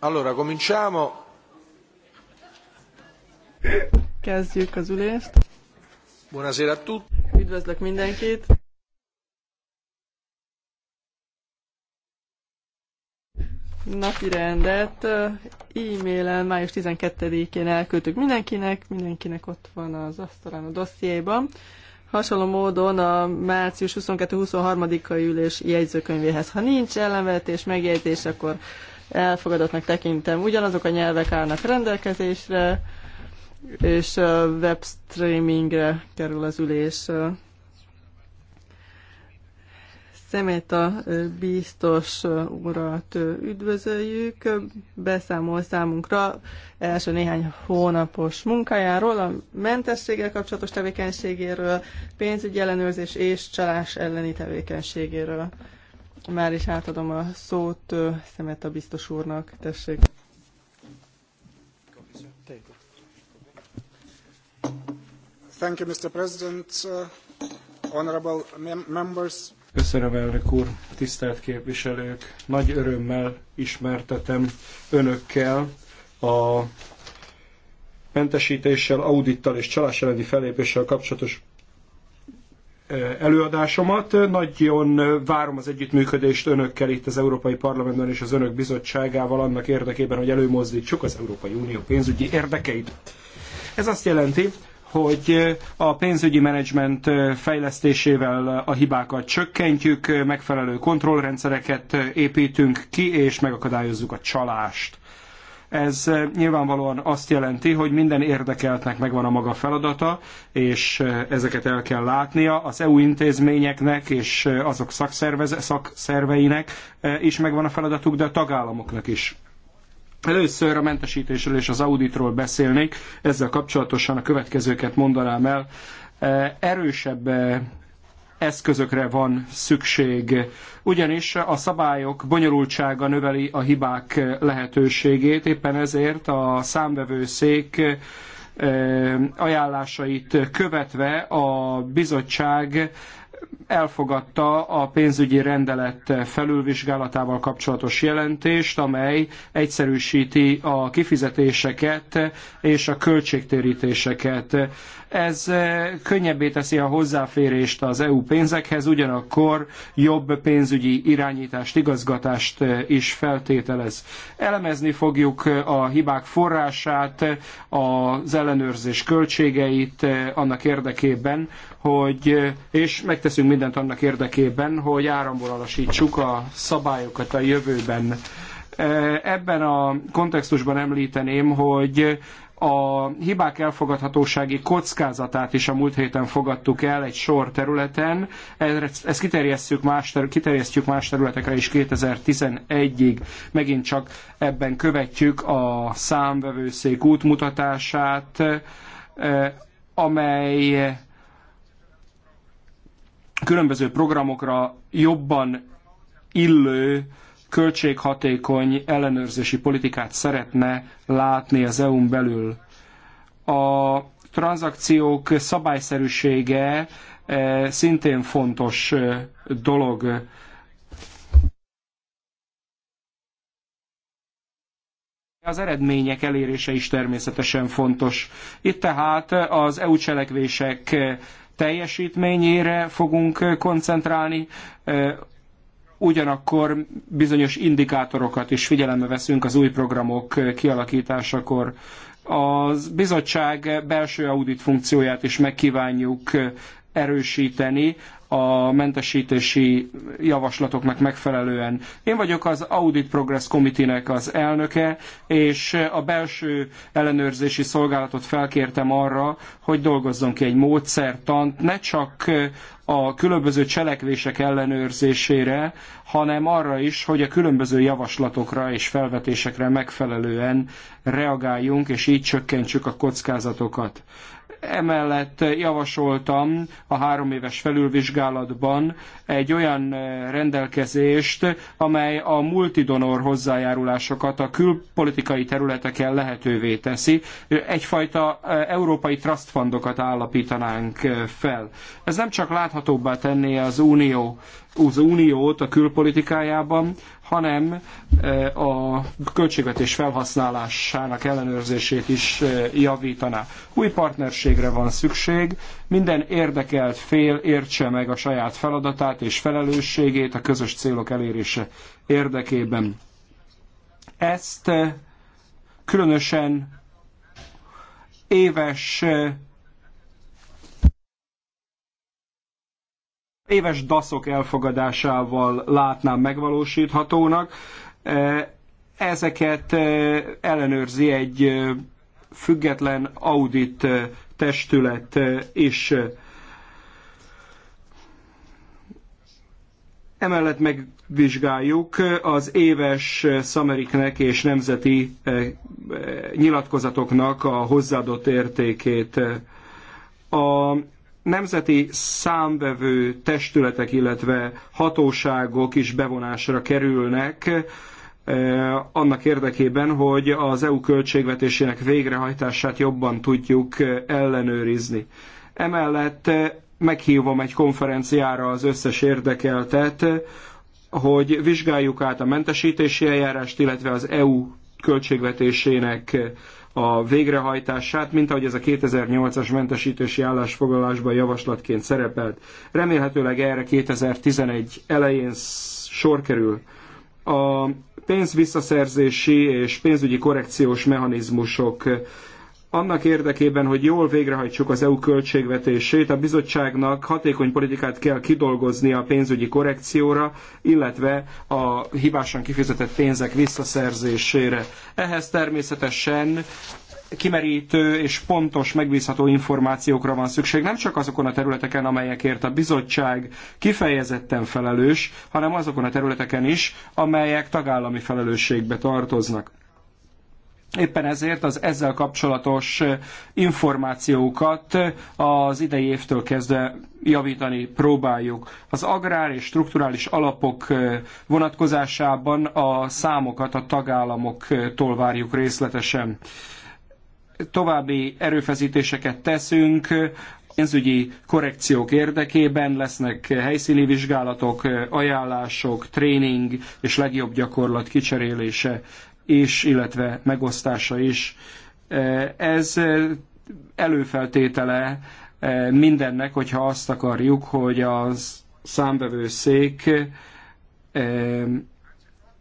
Allora, cominciamo. Kezdjük az ülést. Buonasera a tutti. Üdvözlök mindenkit. Napi rendet eh, e-mailen május 12-én elküldtük mindenkinek, mindenkinek ott van az asztalán a dossziéban. Hasonló módon a március 22-23-ai ülés jegyzőkönyvéhez. Ha nincs ellenvetés, megjegyzés, akkor elfogadottnak tekintem. Ugyanazok a nyelvek állnak rendelkezésre, és webstreamingre kerül az ülés. Szemeta biztos urat üdvözöljük, beszámol számunkra első néhány hónapos munkájáról, a mentességgel kapcsolatos tevékenységéről, pénzügyi ellenőrzés és csalás elleni tevékenységéről. Már is átadom a szót szemet a biztos úrnak. Tessék. Thank you, Mr. President. Honorable members. Köszönöm, elnök úr, tisztelt képviselők! Nagy örömmel ismertetem önökkel a mentesítéssel, audittal és csalás elleni fellépéssel kapcsolatos előadásomat. Nagyon várom az együttműködést önökkel itt az Európai Parlamentben és az önök bizottságával annak érdekében, hogy előmozdítsuk az Európai Unió pénzügyi érdekeit. Ez azt jelenti, hogy a pénzügyi menedzsment fejlesztésével a hibákat csökkentjük, megfelelő kontrollrendszereket építünk ki, és megakadályozzuk a csalást. Ez eh, nyilvánvalóan azt jelenti, hogy minden érdekeltnek megvan a maga feladata, és eh, ezeket el kell látnia. Az EU intézményeknek és eh, azok szakszerveinek is megvan a feladatuk, de a tagállamoknak is. Először a mentesítésről és az auditról beszélnék, ezzel kapcsolatosan a következőket mondanám el. Erősebb eszközökre van szükség, ugyanis a szabályok bonyolultsága növeli a hibák lehetőségét, éppen ezért a számvevőszék eh, ajánlásait követve a bizottság elfogadta a pénzügyi rendelet felülvizsgálatával kapcsolatos jelentést, amely egyszerűsíti a kifizetéseket és a költségtérítéseket. Ez könnyebbé teszi a hozzáférést az EU pénzekhez, ugyanakkor jobb pénzügyi irányítást, igazgatást is feltételez. Elemezni fogjuk a hibák forrását, az ellenőrzés költségeit annak érdekében, hogy és megtesz teszünk mindent annak érdekében, hogy alasítsuk a szabályokat a jövőben. E, ebben a kontextusban említeném, hogy a hibák elfogadhatósági kockázatát is a múlt héten fogadtuk el egy sor területen. Ezt kiterjesztjük más, kiterjesztjük más területekre is 2011-ig. Megint csak ebben követjük a számvevőszék útmutatását, e, amely különböző programokra jobban illő, költséghatékony ellenőrzési politikát szeretne látni az EU-n belül. A tranzakciók szabályszerűsége eh, szintén fontos eh, dolog az eredmények elérése is természetesen fontos. Itt tehát az EU cselekvések teljesítményére fogunk koncentrálni, ugyanakkor bizonyos indikátorokat is figyelembe veszünk az új programok kialakításakor. Az bizottság belső audit funkcióját is megkívánjuk erősíteni a mentesítési javaslatoknak megfelelően. Én vagyok az Audit Progress Committee-nek az elnöke, és a belső ellenőrzési szolgálatot felkértem arra, hogy dolgozzon ki egy módszertant, ne csak a különböző cselekvések ellenőrzésére, hanem arra is, hogy a különböző javaslatokra és felvetésekre megfelelően reagáljunk, és így csökkentsük a kockázatokat. Emellett javasoltam a három éves felülvizsgálatban egy olyan eh, rendelkezést, amely a multidonor hozzájárulásokat a külpolitikai területeken lehetővé teszi. Egyfajta eh, európai trust fundokat állapítanánk eh, fel. Ez nem csak láthatóbbá tenné az unió az uniót a külpolitikájában, hanem e, a költségvetés felhasználásának ellenőrzését is e, javítaná. Új partnerségre van szükség, minden érdekelt fél értse meg a saját feladatát és felelősségét a közös célok elérése érdekében. Ezt e, különösen éves éves daszok elfogadásával látnám megvalósíthatónak. E, ezeket e, ellenőrzi egy e, független audit testület is. Emellett megvizsgáljuk az éves szameriknek és nemzeti nyilatkozatoknak a hozzáadott értékét. A nemzeti számvevő testületek, illetve hatóságok is bevonásra kerülnek eh, annak érdekében, hogy az EU költségvetésének végrehajtását jobban tudjuk eh, ellenőrizni. Emellett eh, meghívom egy konferenciára az összes érdekeltet, hogy vizsgáljuk át a mentesítési eljárást, illetve az EU költségvetésének a végrehajtását, mint ahogy ez a 2008-as mentesítési állásfoglalásban javaslatként szerepelt. Remélhetőleg erre 2011 elején sor kerül. A pénzvisszaszerzési és pénzügyi korrekciós mechanizmusok annak érdekében, hogy jól végrehajtsuk az EU költségvetését, a bizottságnak hatékony politikát kell kidolgozni a pénzügyi korrekcióra, illetve a hibásan kifizetett pénzek visszaszerzésére. Ehhez természetesen kimerítő és pontos, megbízható információkra van szükség, nem csak azokon a területeken, amelyekért a bizottság kifejezetten felelős, hanem azokon a területeken is, amelyek tagállami felelősségbe tartoznak. Éppen ezért az ezzel kapcsolatos információkat az idei évtől kezdve javítani próbáljuk. Az agrár és strukturális alapok vonatkozásában a számokat a tagállamoktól várjuk részletesen. További erőfeszítéseket teszünk pénzügyi korrekciók érdekében lesznek helyszíni vizsgálatok, ajánlások, tréning és legjobb gyakorlat kicserélése és illetve megosztása is. E, ez előfeltétele e, mindennek, hogyha azt akarjuk, hogy a számbevőszék e,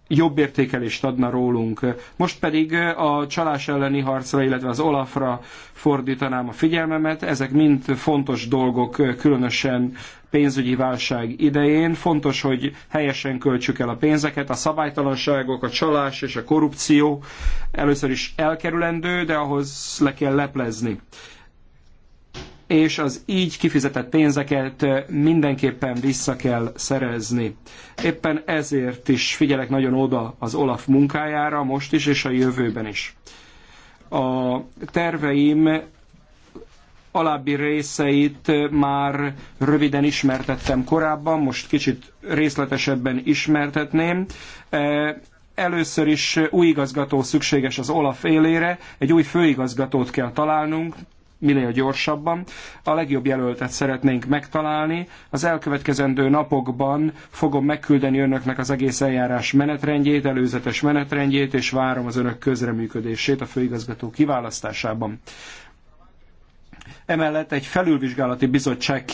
jobb értékelést adna rólunk. Most pedig a csalás elleni harcra, illetve az Olafra fordítanám a figyelmemet. Ezek mind fontos dolgok, különösen pénzügyi válság idején. Fontos, hogy helyesen költsük el a pénzeket, a szabálytalanságok, a csalás és a korrupció először is elkerülendő, de ahhoz le kell leplezni és az így kifizetett pénzeket mindenképpen vissza kell szerezni. Éppen ezért is figyelek nagyon oda az Olaf munkájára most is és a jövőben is. A terveim alábbi részeit már röviden ismertettem korábban, most kicsit részletesebben ismertetném. E, először is új igazgató szükséges az Olaf élére, egy új főigazgatót kell találnunk, minél gyorsabban. A legjobb jelöltet szeretnénk megtalálni. Az elkövetkezendő napokban fogom megküldeni önöknek az egész eljárás menetrendjét, előzetes menetrendjét, és várom az önök közreműködését a főigazgató kiválasztásában. Emellett egy felülvizsgálati bizottság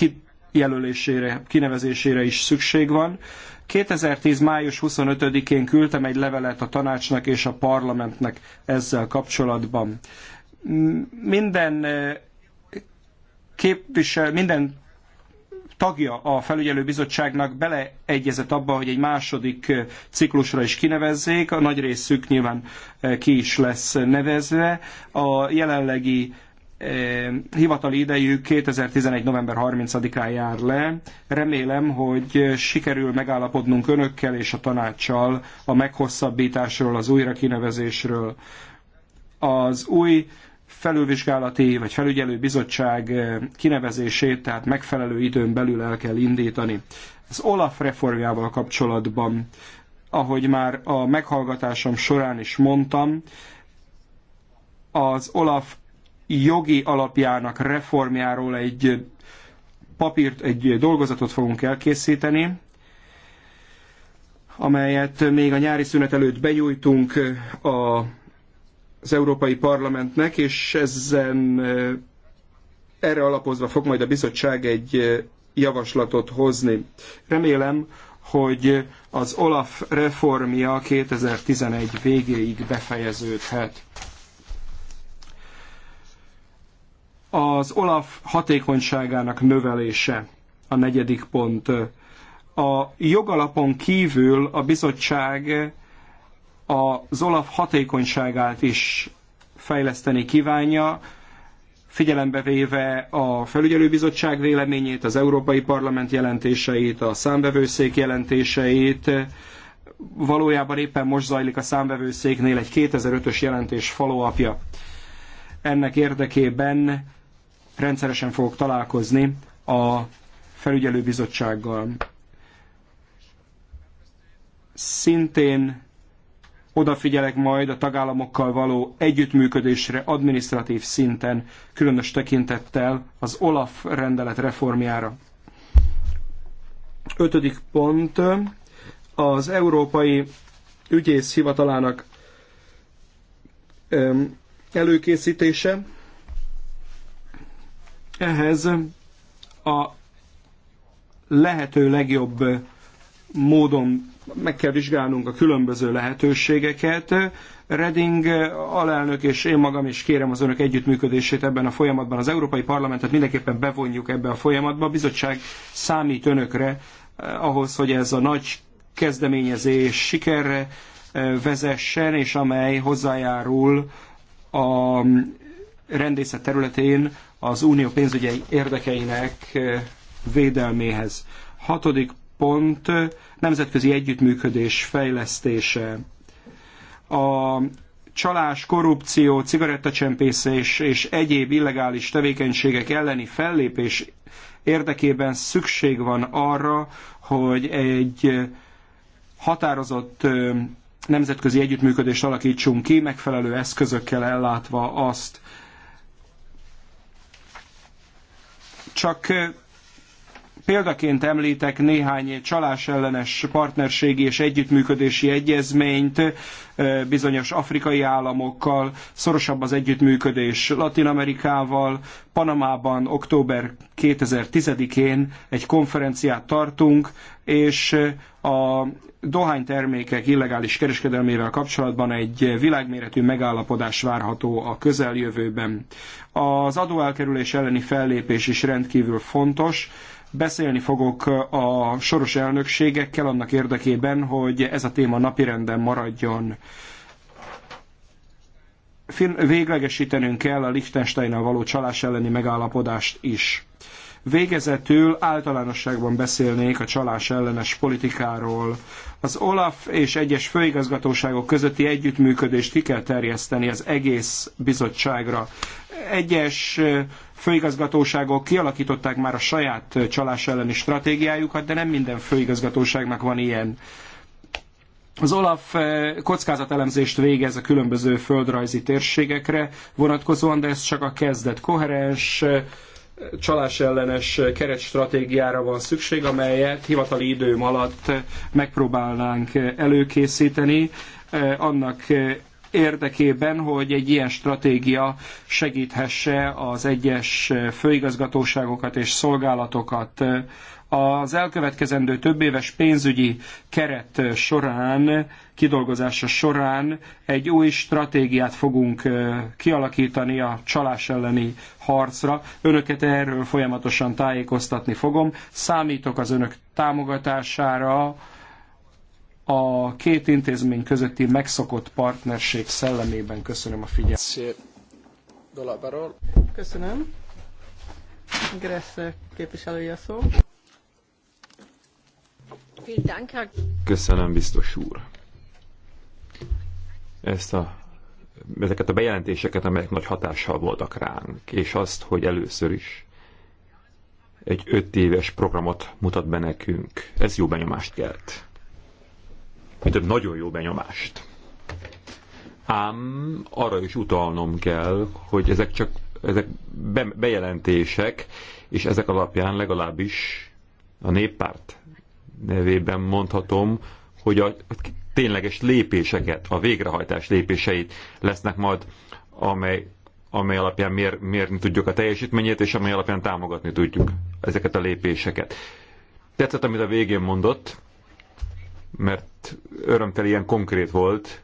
kijelölésére, kinevezésére is szükség van. 2010. május 25-én küldtem egy levelet a tanácsnak és a parlamentnek ezzel kapcsolatban. Minden eh, képvisel, minden tagja a felügyelőbizottságnak beleegyezett abba, hogy egy második eh, ciklusra is kinevezzék. A nagy részük nyilván eh, ki is lesz nevezve. A jelenlegi Eh, hivatali idejük 2011. november 30-án jár le. Remélem, hogy sikerül megállapodnunk önökkel és a tanácssal a meghosszabbításról, az újra kinevezésről. Az új felülvizsgálati vagy felügyelő bizottság eh, kinevezését, tehát megfelelő időn belül el kell indítani. Az Olaf reformjával kapcsolatban, ahogy már a meghallgatásom során is mondtam, az Olaf jogi alapjának reformjáról egy papírt, egy dolgozatot fogunk elkészíteni, amelyet még a nyári szünet előtt benyújtunk a, az Európai Parlamentnek, és ezen erre alapozva fog majd a bizottság egy javaslatot hozni. Remélem, hogy az Olaf reformja 2011 végéig befejeződhet. Az OLAF hatékonyságának növelése a negyedik pont. A jogalapon kívül a bizottság az OLAF hatékonyságát is fejleszteni kívánja, figyelembe véve a felügyelőbizottság véleményét, az Európai Parlament jelentéseit, a számbevőszék jelentéseit. Valójában éppen most zajlik a számbevőszéknél egy 2005-ös jelentés follow Ennek érdekében rendszeresen fogok találkozni a felügyelőbizottsággal. Szintén odafigyelek majd a tagállamokkal való együttműködésre adminisztratív szinten, különös tekintettel az OLAF rendelet reformjára. Ötödik pont az Európai Ügyész Hivatalának előkészítése. Ehhez a lehető legjobb módon meg kell vizsgálnunk a különböző lehetőségeket. Reding alelnök és én magam is kérem az önök együttműködését ebben a folyamatban. Az Európai Parlamentet mindenképpen bevonjuk ebbe a folyamatba. A bizottság számít önökre eh, ahhoz, hogy ez a nagy kezdeményezés sikerre eh, vezessen, és amely hozzájárul a mm, rendészet területén az unió pénzügyi érdekeinek eh, védelméhez. Hatodik pont, nemzetközi együttműködés fejlesztése. A csalás, korrupció, cigarettacsempészés és egyéb illegális tevékenységek elleni fellépés érdekében szükség van arra, hogy egy eh, határozott eh, nemzetközi együttműködést alakítsunk ki, megfelelő eszközökkel ellátva azt. csak Példaként említek néhány csalás ellenes partnerségi és együttműködési egyezményt eh, bizonyos afrikai államokkal, szorosabb az együttműködés Latin Amerikával. Panamában október 2010-én egy konferenciát tartunk, és eh, a dohánytermékek illegális kereskedelmével kapcsolatban egy világméretű megállapodás várható a közeljövőben. Az adóelkerülés elleni fellépés is rendkívül fontos Beszélni fogok a soros elnökségekkel annak érdekében, hogy ez a téma napirenden maradjon. Véglegesítenünk kell a Liechtensteinnel való csalás elleni megállapodást is. Végezetül általánosságban beszélnék a csalás ellenes politikáról. Az OLAF és egyes főigazgatóságok közötti együttműködést ki kell terjeszteni az egész bizottságra. Egyes főigazgatóságok kialakították már a saját csalás elleni stratégiájukat, de nem minden főigazgatóságnak van ilyen. Az OLAF kockázatelemzést végez a különböző földrajzi térségekre vonatkozóan, de ez csak a kezdet. Koherens, csalás ellenes keretstratégiára van szükség, amelyet hivatali időm alatt megpróbálnánk előkészíteni annak érdekében, hogy egy ilyen stratégia segíthesse az egyes főigazgatóságokat és szolgálatokat. Az elkövetkezendő többéves pénzügyi keret során, kidolgozása során egy új stratégiát fogunk kialakítani a csalás elleni harcra. Önöket erről folyamatosan tájékoztatni fogom. Számítok az önök támogatására, a két intézmény közötti megszokott partnerség szellemében. Köszönöm a figyelmet. Köszönöm. Gressze képviselője szó. Köszönöm, biztos úr. Ezt a, ezeket a bejelentéseket, amelyek nagy hatással voltak ránk, és azt, hogy először is egy öt éves programot mutat be nekünk. Ez jó benyomást kelt mint több nagyon jó benyomást. Ám arra is utalnom kell, hogy ezek csak ezek be, bejelentések, és ezek alapján legalábbis a néppárt nevében mondhatom, hogy a tényleges lépéseket, a végrehajtás lépéseit lesznek majd, amely, amely alapján mér, mérni tudjuk a teljesítményét, és amely alapján támogatni tudjuk ezeket a lépéseket. Tetszett, amit a végén mondott, mert örömteli ilyen konkrét volt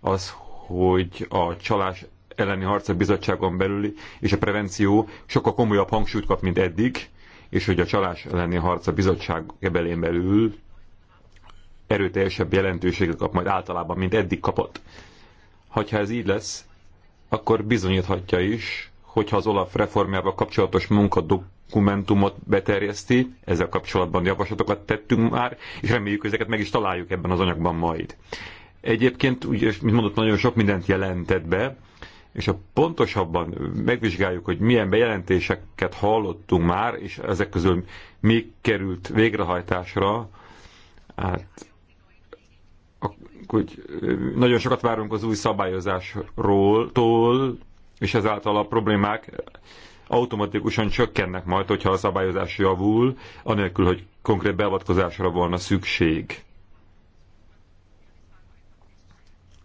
az, hogy a csalás elleni harca bizottságon belüli és a prevenció sokkal komolyabb hangsúlyt kap, mint eddig, és hogy a csalás elleni harca bizottság ebelén belül erőteljesebb jelentőséget kap majd általában, mint eddig kapott. Hogyha ez így lesz, akkor bizonyíthatja is, hogyha az Olaf reformjával kapcsolatos munka dokumentumot beterjeszti, ezzel kapcsolatban javaslatokat tettünk már, és reméljük, hogy ezeket meg is találjuk ebben az anyagban majd. Egyébként, ugye, mint mondott, nagyon sok mindent jelentett be, és ha pontosabban megvizsgáljuk, hogy milyen bejelentéseket hallottunk már, és ezek közül mi került végrehajtásra, hát hogy nagyon sokat várunk az új szabályozásról, tól, és ezáltal a problémák automatikusan csökkennek majd, hogyha a szabályozás javul, anélkül, hogy konkrét beavatkozásra volna szükség.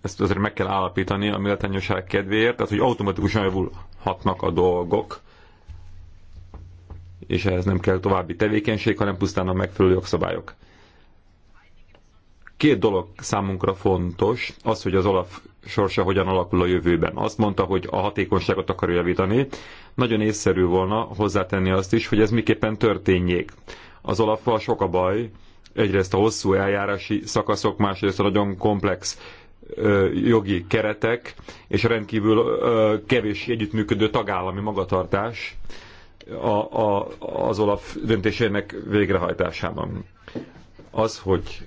Ezt azért meg kell állapítani a méltányosság kedvéért, tehát hogy automatikusan javulhatnak a dolgok, és ehhez nem kell további tevékenység, hanem pusztán a megfelelő jogszabályok Két dolog számunkra fontos, az, hogy az Olaf sorsa hogyan alakul a jövőben. Azt mondta, hogy a hatékonyságot akar javítani. Nagyon észszerű volna hozzátenni azt is, hogy ez miképpen történjék. Az Olaffal sok a baj, egyrészt a hosszú eljárási szakaszok, másrészt a nagyon komplex jogi keretek, és rendkívül kevés együttműködő tagállami magatartás a, a, az Olaf döntésének végrehajtásában. Az, hogy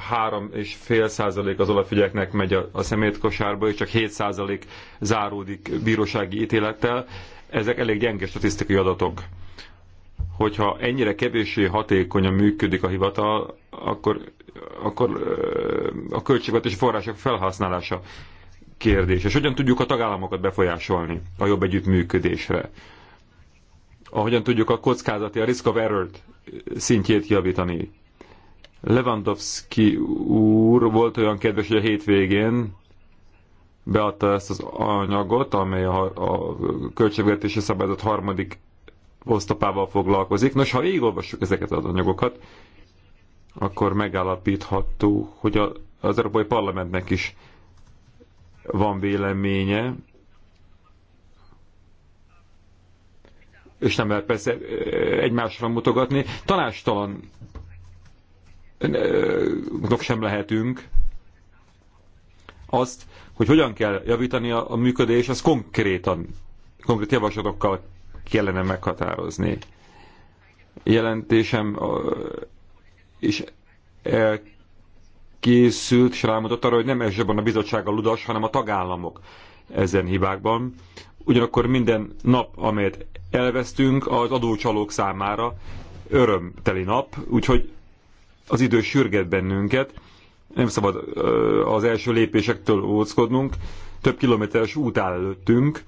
három és fél százalék az olajfügyeknek megy a, a szemétkosárba, és csak 7 százalék záródik bírósági ítélettel. Ezek elég gyenge statisztikai adatok. Hogyha ennyire kevéssé hatékonyan működik a hivatal, akkor, akkor a költségvetési források felhasználása kérdés. És hogyan tudjuk a tagállamokat befolyásolni a jobb együttműködésre? Ahogyan tudjuk a kockázati, a risk of error szintjét javítani? Lewandowski úr volt olyan kedves, hogy a hétvégén beadta ezt az anyagot, amely a, a költségvetési szabályzat harmadik osztapával foglalkozik. Nos, ha végigolvassuk ezeket az anyagokat, akkor megállapítható, hogy a, az Európai Parlamentnek is van véleménye, és nem lehet persze eh, egymásra mutogatni. Tanástalan sem lehetünk. Azt, hogy hogyan kell javítani a, a működés, az konkrétan, konkrét javaslatokkal kellene meghatározni. Jelentésem is készült, és rámutott arra, hogy nem elsősorban a bizottság a ludas, hanem a tagállamok ezen hibákban. Ugyanakkor minden nap, amelyet elvesztünk, az adócsalók számára örömteli nap, úgyhogy az idő sürget bennünket, nem szabad az első lépésektől óckodnunk, több kilométeres út áll előttünk,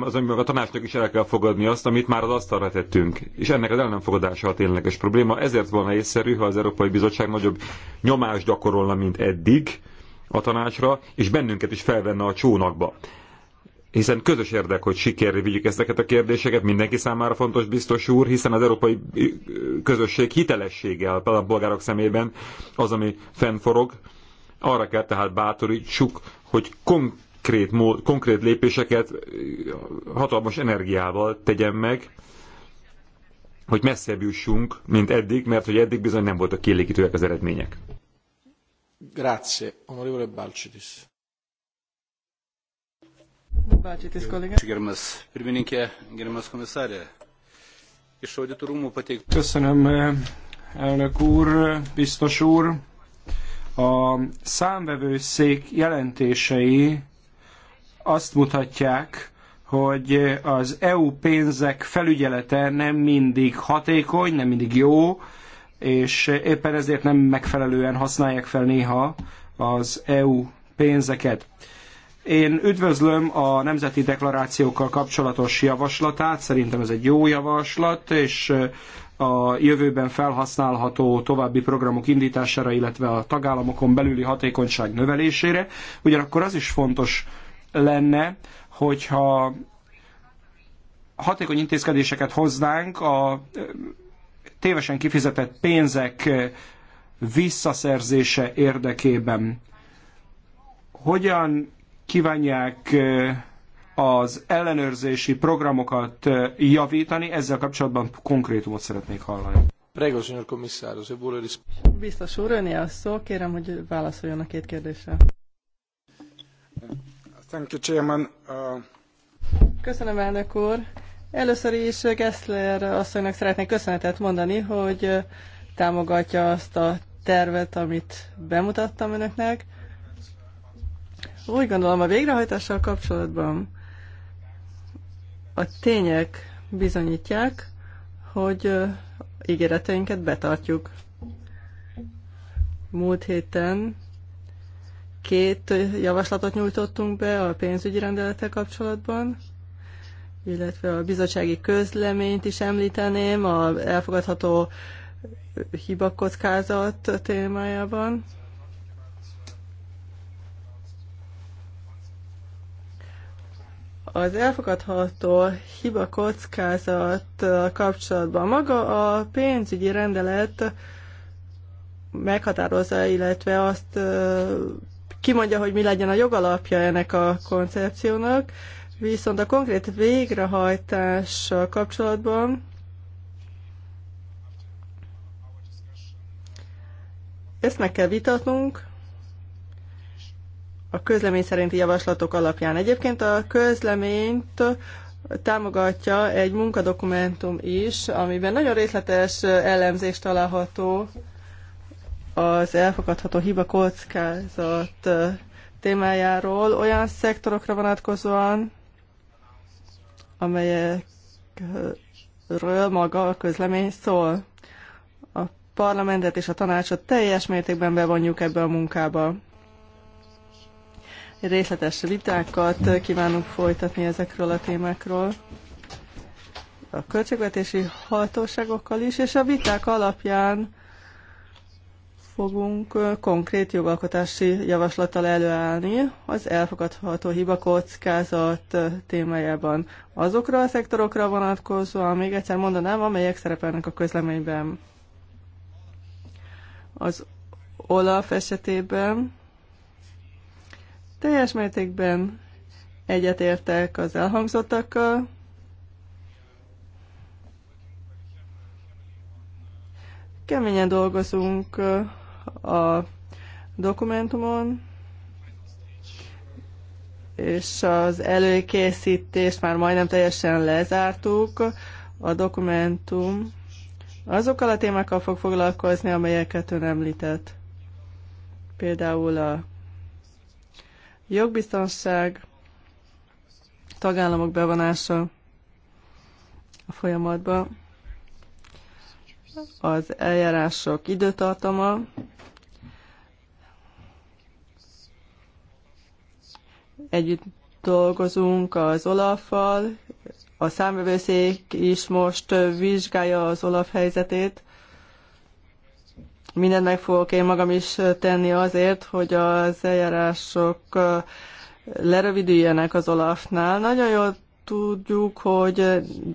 az, amiben a tanácsnak is el kell fogadni azt, amit már az asztalra tettünk. És ennek az ellenfogadása a tényleges probléma. Ezért volna észszerű, ha az Európai Bizottság nagyobb nyomást gyakorolna, mint eddig a tanácsra, és bennünket is felvenne a csónakba hiszen közös érdek, hogy sikerre vigyük ezeket a kérdéseket, mindenki számára fontos biztos úr, hiszen az európai közösség hitelessége a polgárok szemében az, ami fennforog. Arra kell tehát bátorítsuk, hogy konkrét, mód, konkrét lépéseket hatalmas energiával tegyen meg, hogy messzebb jussunk, mint eddig, mert hogy eddig bizony nem voltak kielégítőek az eredmények. Grazie, onorevole Balcidis. Balčytis kolega. Gerbiamas pirmininkė, gerbiamas komisarė. Iš auditų rūmų pateikt. Köszönöm, eh, elnök úr, biztos A számvevőszék jelentései azt mutatják, hogy az EU pénzek felügyelete nem mindig hatékony, nem mindig jó, és éppen ezért nem megfelelően használják fel néha az EU pénzeket. Én üdvözlöm a nemzeti deklarációkkal kapcsolatos javaslatát, szerintem ez egy jó javaslat, és a jövőben felhasználható további programok indítására, illetve a tagállamokon belüli hatékonyság növelésére. Ugyanakkor az is fontos lenne, hogyha hatékony intézkedéseket hoznánk a tévesen kifizetett pénzek visszaszerzése érdekében. Hogyan kívánják az ellenőrzési programokat javítani, ezzel kapcsolatban konkrétumot szeretnék hallani. Prego, signor commissario, se vuole Biztos úr, öné a szó, kérem, hogy válaszoljon a két kérdésre. Thank you, Chairman. Uh... Köszönöm, elnök úr. Először is Gessler asszonynak szeretnék köszönetet mondani, hogy támogatja azt a tervet, amit bemutattam önöknek úgy gondolom a végrehajtással kapcsolatban a tények bizonyítják, hogy ígéreteinket betartjuk. Múlt héten két javaslatot nyújtottunk be a pénzügyi rendelete kapcsolatban, illetve a bizottsági közleményt is említeném, a elfogadható hibakockázat témájában. Az elfogadható hiba kockázat kapcsolatban maga a pénzügyi rendelet meghatározza, illetve azt kimondja, hogy mi legyen a jogalapja ennek a koncepciónak, viszont a konkrét végrehajtás kapcsolatban ezt meg kell vitatnunk, a közlemény szerinti javaslatok alapján. Egyébként a közleményt támogatja egy munkadokumentum is, amiben nagyon részletes elemzés található az elfogadható hiba kockázat témájáról olyan szektorokra vonatkozóan, amelyekről maga a közlemény szól. A parlamentet és a tanácsot teljes mértékben bevonjuk ebbe a munkába. Részletes vitákat kívánunk folytatni ezekről a témákról a költségvetési hatóságokkal is, és a viták alapján fogunk konkrét jogalkotási javaslattal előállni az elfogadható hiba kockázat témájában. Azokra a szektorokra vonatkozóan még egyszer mondanám, amelyek szerepelnek a közleményben. Az OLAF esetében teljes mértékben egyetértek az elhangzottakkal. Keményen dolgozunk uh, a dokumentumon, és az előkészítést már majdnem teljesen lezártuk. A dokumentum azokkal a témákkal fog foglalkozni, amelyeket ön említett. Például a Jogbiztonság, tagállamok bevonása a folyamatba, az eljárások időtartama, együtt dolgozunk az Olaffal, a számvevőszék is most vizsgálja az Olaf helyzetét, Mindent meg fogok én magam is tenni azért, hogy az eljárások lerövidüljenek az Olafnál. Nagyon jól tudjuk, hogy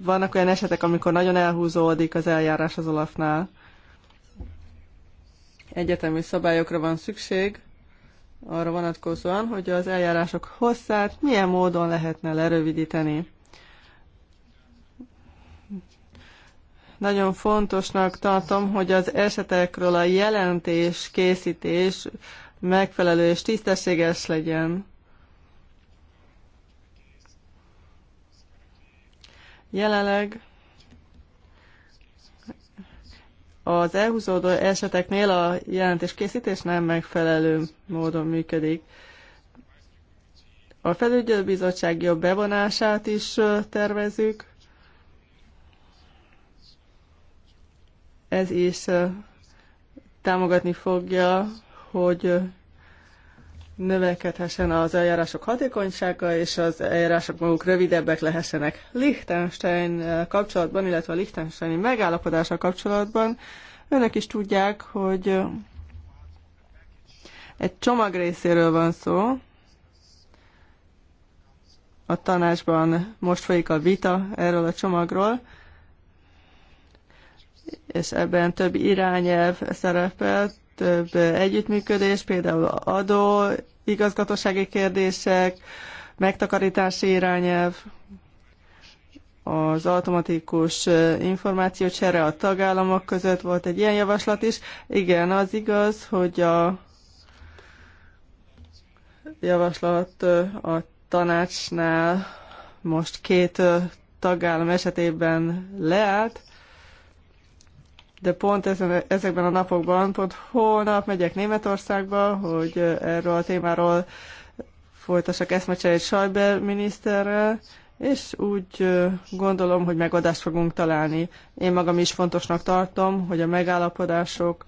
vannak olyan esetek, amikor nagyon elhúzódik az eljárás az Olafnál. Egyetemi szabályokra van szükség, arra vonatkozóan, hogy az eljárások hosszát milyen módon lehetne lerövidíteni. Nagyon fontosnak tartom, hogy az esetekről a jelentés készítés megfelelő és tisztességes legyen. Jelenleg az elhúzódó eseteknél a jelentés készítés nem megfelelő módon működik. A felügyelőbizottság jobb bevonását is tervezzük. ez is támogatni fogja, hogy növekedhessen az eljárások hatékonysága, és az eljárások maguk rövidebbek lehessenek. Liechtenstein kapcsolatban, illetve a Liechtensteini megállapodása kapcsolatban önök is tudják, hogy egy csomag részéről van szó. A tanácsban most folyik a vita erről a csomagról és ebben több irányelv szerepel, több együttműködés, például adó, igazgatósági kérdések, megtakarítási irányelv, az automatikus információcsere a tagállamok között volt egy ilyen javaslat is. Igen, az igaz, hogy a javaslat a tanácsnál most két tagállam esetében leállt, de pont ezen, ezekben a napokban, pont holnap megyek Németországba, hogy erről a témáról folytassak eszmecserét Sajber miniszterrel, és úgy gondolom, hogy megoldást fogunk találni. Én magam is fontosnak tartom, hogy a megállapodások,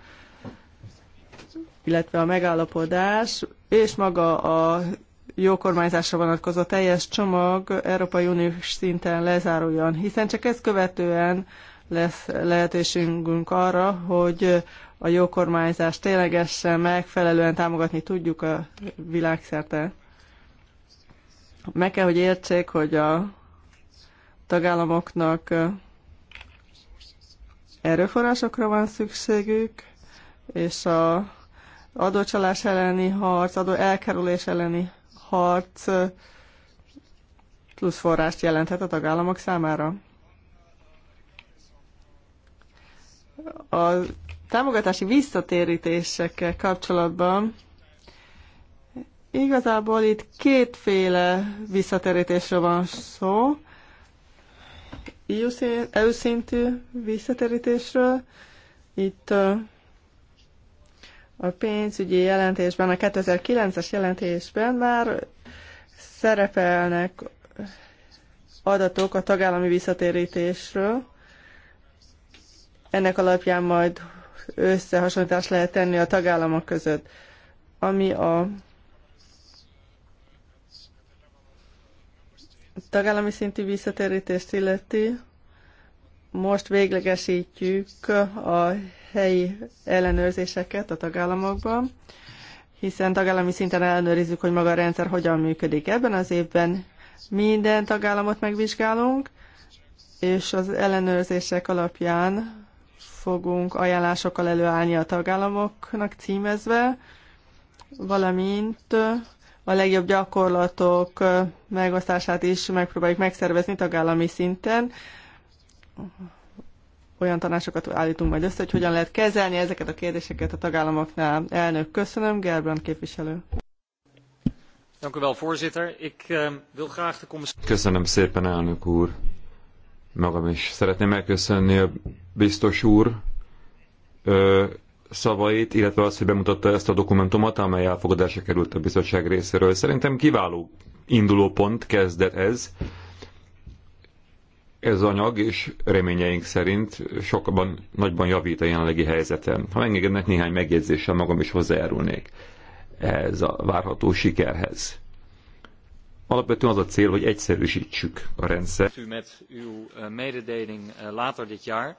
illetve a megállapodás és maga a jó kormányzásra vonatkozó teljes csomag Európai Uniós szinten lezáruljon, hiszen csak ezt követően lesz lehetőségünk arra, hogy a jó kormányzást ténylegesen megfelelően támogatni tudjuk a világszerte. Meg kell, hogy értsék, hogy a tagállamoknak erőforrásokra van szükségük, és a adócsalás elleni harc, adó elkerülés elleni harc plusz forrást jelenthet a tagállamok számára. a támogatási visszatérítésekkel kapcsolatban igazából itt kétféle visszatérítésről van szó. Előszintű visszatérítésről. Itt a pénzügyi jelentésben, a 2009-es jelentésben már szerepelnek adatok a tagállami visszatérítésről, ennek alapján majd összehasonlítást lehet tenni a tagállamok között. Ami a tagállami szintű visszatérítést illeti, most véglegesítjük a helyi ellenőrzéseket a tagállamokban, hiszen tagállami szinten ellenőrizzük, hogy maga a rendszer hogyan működik. Ebben az évben minden tagállamot megvizsgálunk, és az ellenőrzések alapján fogunk ajánlásokkal előállni a tagállamoknak címezve, valamint a legjobb gyakorlatok megosztását is megpróbáljuk megszervezni tagállami szinten. Olyan tanácsokat állítunk majd össze, hogy hogyan lehet kezelni ezeket a kérdéseket a tagállamoknál. Elnök, köszönöm. Gerbrand képviselő. Eh, köszönöm szépen, elnök úr. Magam is szeretném megköszönni a biztos úr ö, szavait, illetve azt, hogy bemutatta ezt a dokumentumot, amely elfogadásra került a bizottság részéről. Szerintem kiváló induló pont kezdett ez, ez anyag, és reményeink szerint sokban, nagyban javít a jelenlegi helyzetem. Ha megengednek néhány megjegyzéssel magam is hozzájárulnék ehhez a várható sikerhez. Alapvetően az a cél, hogy egyszerűsítsük a rendszer. met uw eh, mededeling eh, later dit jaar.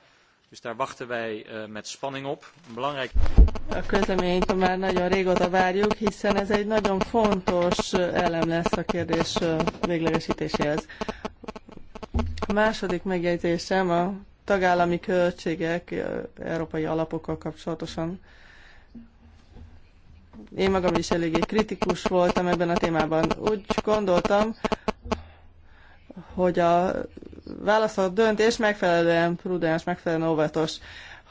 Dus daar wachten wij eh, met spanning op. Belangrijk... A közleményt már nagyon régóta várjuk, hiszen ez egy nagyon fontos elem lesz a kérdés véglegesítéséhez. A második megjegyzésem a tagállami költségek európai alapokkal kapcsolatosan én magam is eléggé kritikus voltam ebben a témában. Úgy gondoltam, hogy a válaszolt döntés megfelelően prudens, megfelelően óvatos.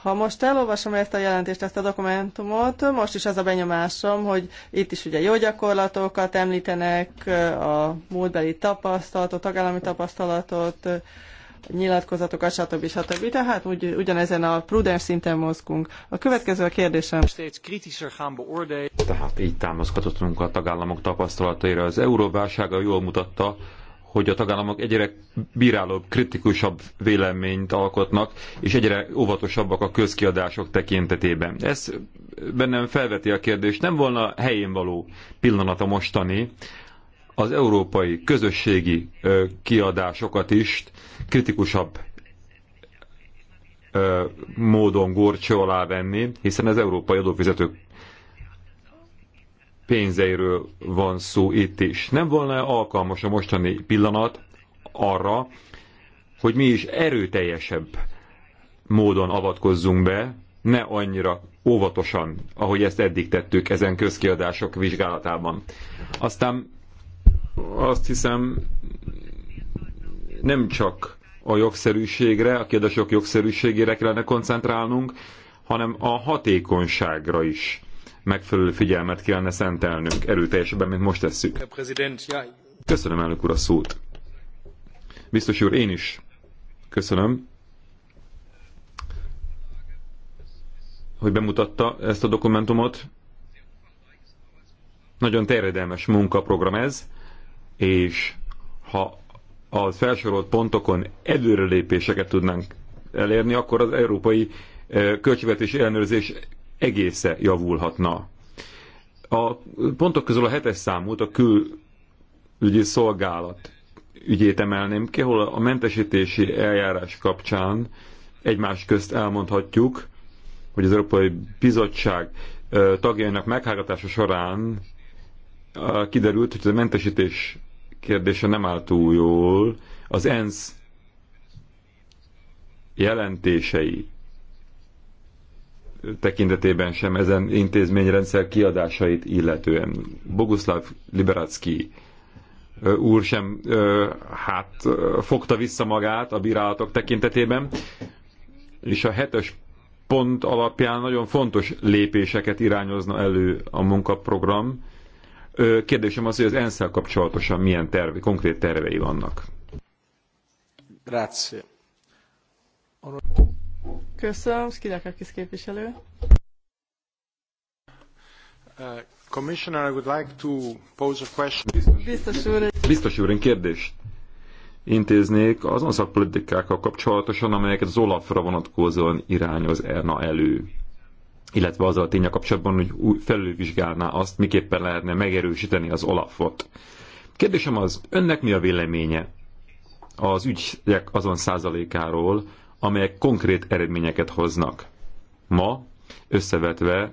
Ha most elolvasom ezt a jelentést, ezt a dokumentumot, most is az a benyomásom, hogy itt is ugye jó gyakorlatokat említenek, a múltbeli tapasztalatot, tagállami tapasztalatot, nyilatkozatokat, stb. stb. Tehát úgy, ugyanezen a prudens szinten mozgunk. A következő a kérdésem. Tehát így támaszkodhatunk a tagállamok tapasztalataira. Az euróválsága jól mutatta, hogy a tagállamok egyre bírálóbb, kritikusabb véleményt alkotnak, és egyre óvatosabbak a közkiadások tekintetében. Ez bennem felveti a kérdést, nem volna helyén való pillanata mostani, az európai közösségi kiadásokat is kritikusabb módon górcső alá venni, hiszen az európai adófizetők pénzeiről van szó itt is. Nem volna alkalmas a mostani pillanat arra, hogy mi is erőteljesebb módon avatkozzunk be, ne annyira óvatosan, ahogy ezt eddig tettük ezen közkiadások vizsgálatában. Aztán azt hiszem, nem csak a jogszerűségre, a kérdések jogszerűségére kellene koncentrálnunk, hanem a hatékonyságra is megfelelő figyelmet kellene szentelnünk erőteljesebben, mint most tesszük. Köszönöm, elnök úr, a szót. Biztos úr, én is köszönöm, hogy bemutatta ezt a dokumentumot. Nagyon terjedelmes munkaprogram ez, és ha a felsorolt pontokon előrelépéseket tudnánk elérni, akkor az európai költségvetési ellenőrzés egésze javulhatna. A pontok közül a hetes számút a külügyi szolgálat ügyét emelném ki, ahol a mentesítési eljárás kapcsán egymás közt elmondhatjuk, hogy az Európai Bizottság tagjainak meghallgatása során kiderült, hogy a mentesítés kérdése nem áll túl jól. Az ENSZ jelentései tekintetében sem ezen intézményrendszer kiadásait illetően. Boguslav Liberacki úr sem hát fogta vissza magát a bírálatok tekintetében, és a hetes pont alapján nagyon fontos lépéseket irányozna elő a munkaprogram, Kérdésem az, hogy az ensz kapcsolatosan milyen terve, konkrét tervei vannak. Grazie. Köszönöm, Skidakakis képviselő. Uh, commissioner, I would like to pose a question. Biztos úr, Biztos úr én kérdést intéznék azon szakpolitikákkal kapcsolatosan, amelyeket az Olafra vonatkozóan irányoz ERNA elő illetve azzal a tényel kapcsolatban, hogy új, felülvizsgálná azt, miképpen lehetne megerősíteni az Olafot. Kérdésem az, önnek mi a véleménye az ügyek azon százalékáról, amelyek konkrét eredményeket hoznak? Ma összevetve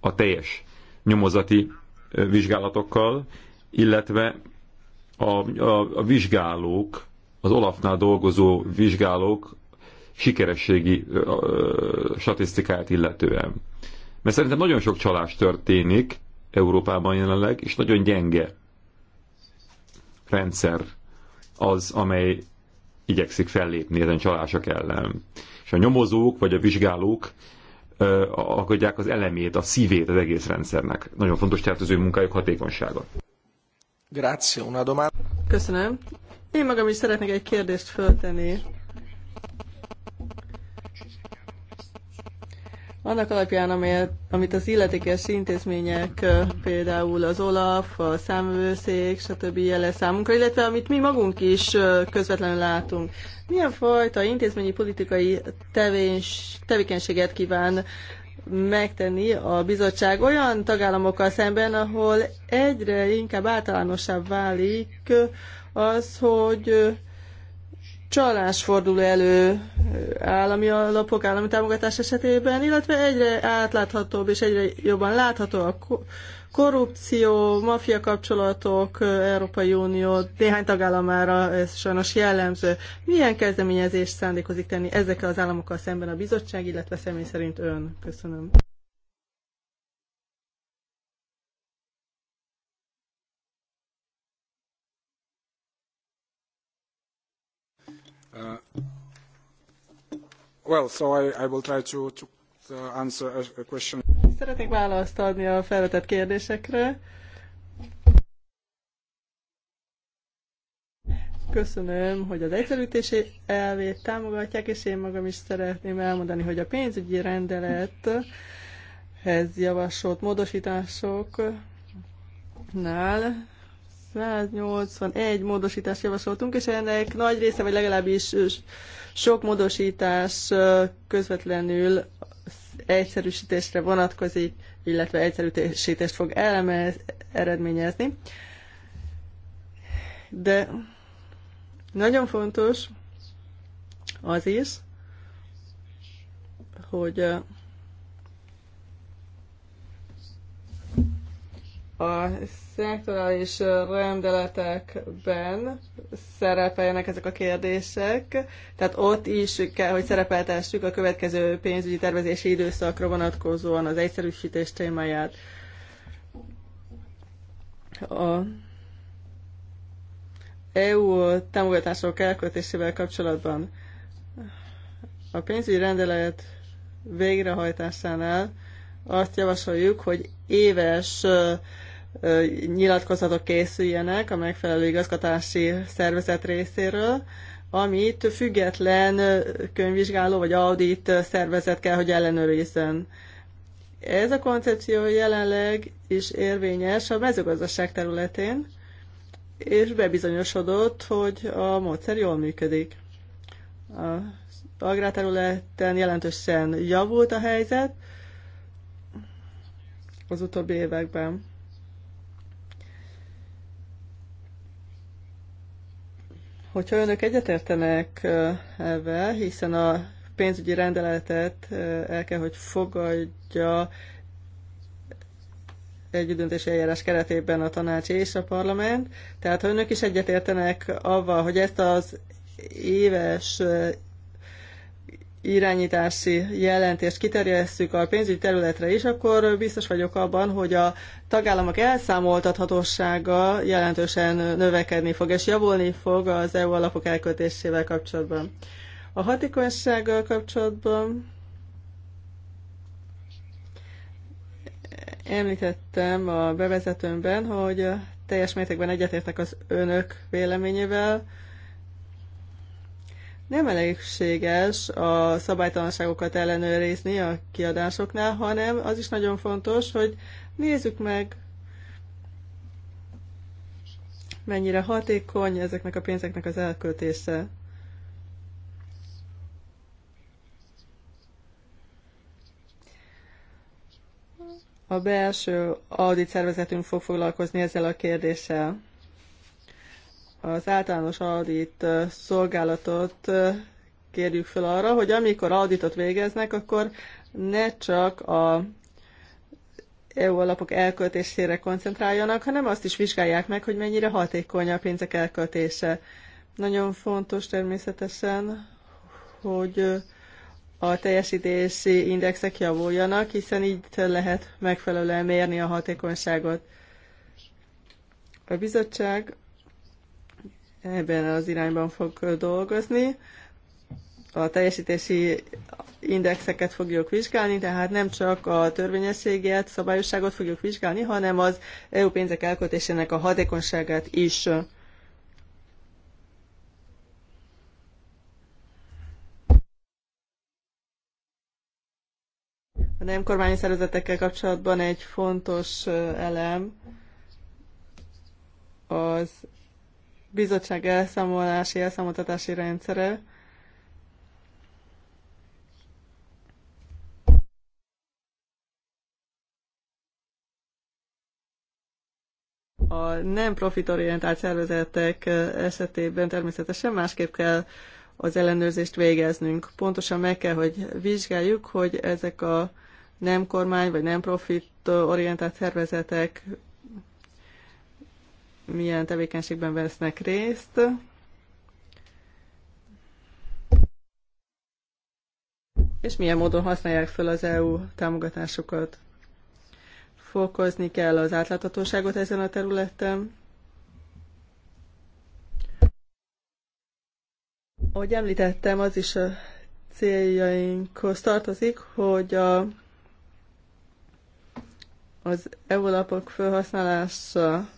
a teljes nyomozati vizsgálatokkal, illetve a, a, a vizsgálók, az Olafnál dolgozó vizsgálók sikerességi statisztikát illetően. Mert szerintem nagyon sok csalás történik Európában jelenleg, és nagyon gyenge rendszer az, amely igyekszik fellépni ezen csalások ellen. És a nyomozók vagy a vizsgálók alkotják az elemét, a szívét az egész rendszernek. Nagyon fontos tehát az ő munkájuk hatékonysága. Grazie, una domanda. Köszönöm. Én magam is szeretnék egy kérdést föltenni. annak alapján, amelyet, amit az illetékes intézmények, például az OLAF, a számvőszék, stb. jele számunkra, illetve amit mi magunk is közvetlenül látunk. Milyen fajta intézményi politikai tevés, tevékenységet kíván megtenni a bizottság olyan tagállamokkal szemben, ahol egyre inkább általánosabb válik az, hogy csalás fordul elő állami alapok, állami támogatás esetében, illetve egyre átláthatóbb és egyre jobban látható a korrupció, mafia kapcsolatok, Európai Unió néhány tagállamára ez sajnos jellemző. Milyen kezdeményezést szándékozik tenni ezekkel az államokkal szemben a bizottság, illetve személy szerint ön? Köszönöm. Uh, well, so I, will try to, uh, answer a question. Szeretnék választ adni a felvetett kérdésekre. Köszönöm, hogy az egyszerűtési elvét támogatják, és én magam is szeretném elmondani, hogy a pénzügyi rendelethez javasolt módosításoknál 181 módosítást javasoltunk, és ennek nagy része, vagy legalábbis sok módosítás közvetlenül egyszerűsítésre vonatkozik, illetve egyszerűsítést fog elemez, eredményezni. De nagyon fontos az is, hogy a szektorális rendeletekben szerepeljenek ezek a kérdések, tehát ott is kell, hogy szerepeltessük a következő pénzügyi tervezési időszakra vonatkozóan az egyszerűsítés témáját. A EU támogatások elkötésével kapcsolatban a pénzügyi rendelet végrehajtásánál azt javasoljuk, hogy éves nyilatkozatok készüljenek a megfelelő igazgatási szervezet részéről, amit független könyvvizsgáló vagy audit szervezet kell, hogy ellenőrizzen. Ez a koncepció jelenleg is érvényes a mezőgazdaság területén, és bebizonyosodott, hogy a módszer jól működik. A agrárterületen jelentősen javult a helyzet az utóbbi években. Hogyha önök egyetértenek ebben, hiszen a pénzügyi rendeletet el kell, hogy fogadja együttdöntési eljárás keretében a tanács és a parlament. Tehát ha önök is egyetértenek avval, hogy ezt az éves irányítási jelentést kiterjesszük a pénzügyi területre is, akkor biztos vagyok abban, hogy a tagállamok elszámoltathatósága jelentősen növekedni fog, és javulni fog az EU alapok elköltésével kapcsolatban. A hatékonysággal kapcsolatban említettem a bevezetőmben, hogy teljes mértékben egyetértek az önök véleményével, nem elégséges a szabálytalanságokat ellenőrizni a kiadásoknál, hanem az is nagyon fontos, hogy nézzük meg, mennyire hatékony ezeknek a pénzeknek az elköltése. A belső audit szervezetünk fog foglalkozni ezzel a kérdéssel az általános audit szolgálatot kérjük fel arra, hogy amikor auditot végeznek, akkor ne csak a EU alapok elköltésére koncentráljanak, hanem azt is vizsgálják meg, hogy mennyire hatékony a pénzek elköltése. Nagyon fontos természetesen, hogy a teljesítési indexek javuljanak, hiszen így lehet megfelelően mérni a hatékonyságot. A bizottság ebben az irányban fog dolgozni. A teljesítési indexeket fogjuk vizsgálni, tehát nem csak a törvényességet, szabályosságot fogjuk vizsgálni, hanem az EU pénzek elköltésének a hatékonyságát is. A nem kormányi szervezetekkel kapcsolatban egy fontos elem az bizottság elszámolási, elszámoltatási rendszere, a nem profitorientált szervezetek eh, esetében természetesen másképp kell az ellenőrzést végeznünk. Pontosan meg kell, hogy vizsgáljuk, hogy ezek a nem kormány vagy nem profit orientált szervezetek milyen tevékenységben vesznek részt. És milyen módon használják fel az EU támogatásokat. Fokozni kell az átláthatóságot ezen a területen. Ahogy említettem, az is a céljainkhoz tartozik, hogy a, az EU-lapok felhasználása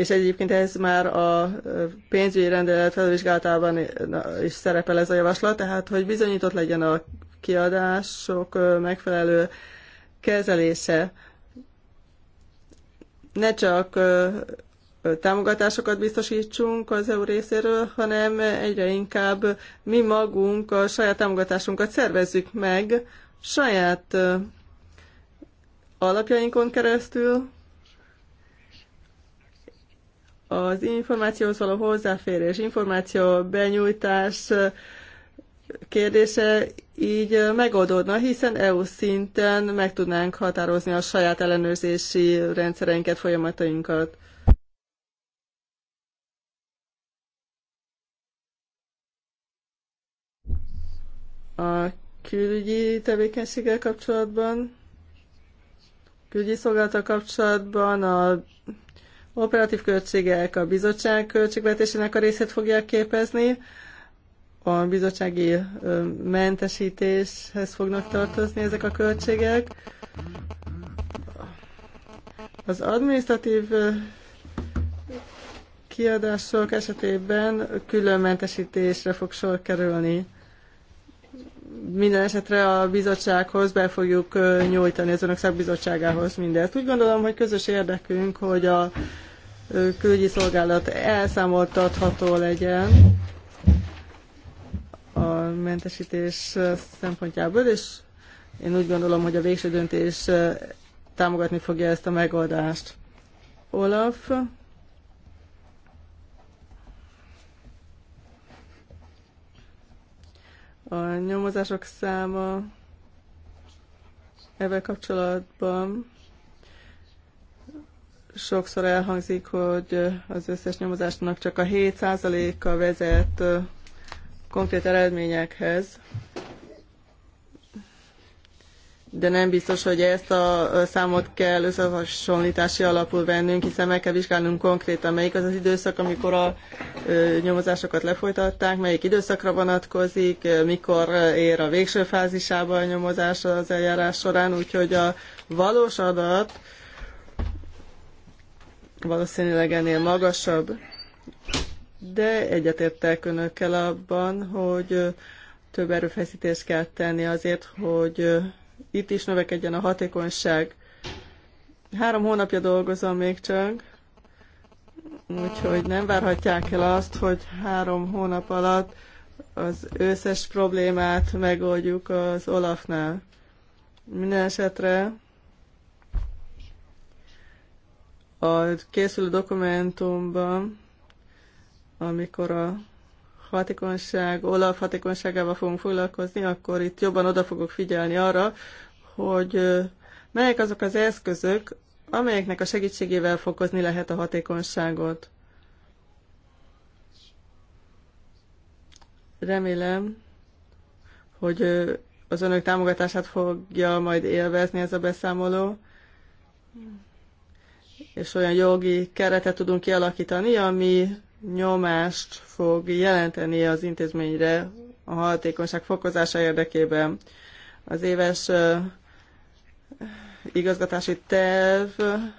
és egyébként ez már a pénzügyi rendelet felvizsgálatában is szerepel ez a javaslat, tehát hogy bizonyított legyen a kiadások megfelelő kezelése. Ne csak támogatásokat biztosítsunk az EU részéről, hanem egyre inkább mi magunk a saját támogatásunkat szervezzük meg saját alapjainkon keresztül, az információhoz való hozzáférés, információ benyújtás kérdése így megoldódna, hiszen EU szinten meg tudnánk határozni a saját ellenőrzési rendszereinket, folyamatainkat. A külügyi tevékenységgel kapcsolatban, külügyi szolgálata kapcsolatban a Operatív költségek a bizottság költségvetésének a részét fogják képezni, a bizottsági mentesítéshez fognak tartozni ezek a költségek. Az administratív kiadások esetében külön mentesítésre fog sor kerülni minden esetre a bizottsághoz be fogjuk nyújtani az önök szakbizottságához mindezt. Úgy gondolom, hogy közös érdekünk, hogy a külügyi szolgálat elszámoltatható legyen a mentesítés szempontjából, és én úgy gondolom, hogy a végső döntés támogatni fogja ezt a megoldást. Olaf, A nyomozások száma ebben kapcsolatban sokszor elhangzik, hogy az összes nyomozásnak csak a 7%-a vezet konkrét eredményekhez de nem biztos, hogy ezt a számot kell összehasonlítási alapul vennünk, hiszen meg kell vizsgálnunk konkrétan, melyik az az időszak, amikor a nyomozásokat lefolytatták, melyik időszakra vonatkozik, mikor ér a végső fázisába a nyomozás az eljárás során, úgyhogy a valós adat valószínűleg ennél magasabb, de egyetértek önökkel abban, hogy több erőfeszítést kell tenni azért, hogy itt is növekedjen a hatékonyság. Három hónapja dolgozom még csak, úgyhogy nem várhatják el azt, hogy három hónap alatt az összes problémát megoldjuk az Olafnál. Minden esetre a készülő dokumentumban, amikor a hatékonyság, Olaf hatékonyságával fogunk foglalkozni, akkor itt jobban oda fogok figyelni arra, hogy melyek azok az eszközök, amelyeknek a segítségével fokozni lehet a hatékonyságot. Remélem, hogy az önök támogatását fogja majd élvezni ez a beszámoló, és olyan jogi keretet tudunk kialakítani, ami nyomást fog jelenteni az intézményre a hatékonyság fokozása érdekében. Az éves igazgatási tervre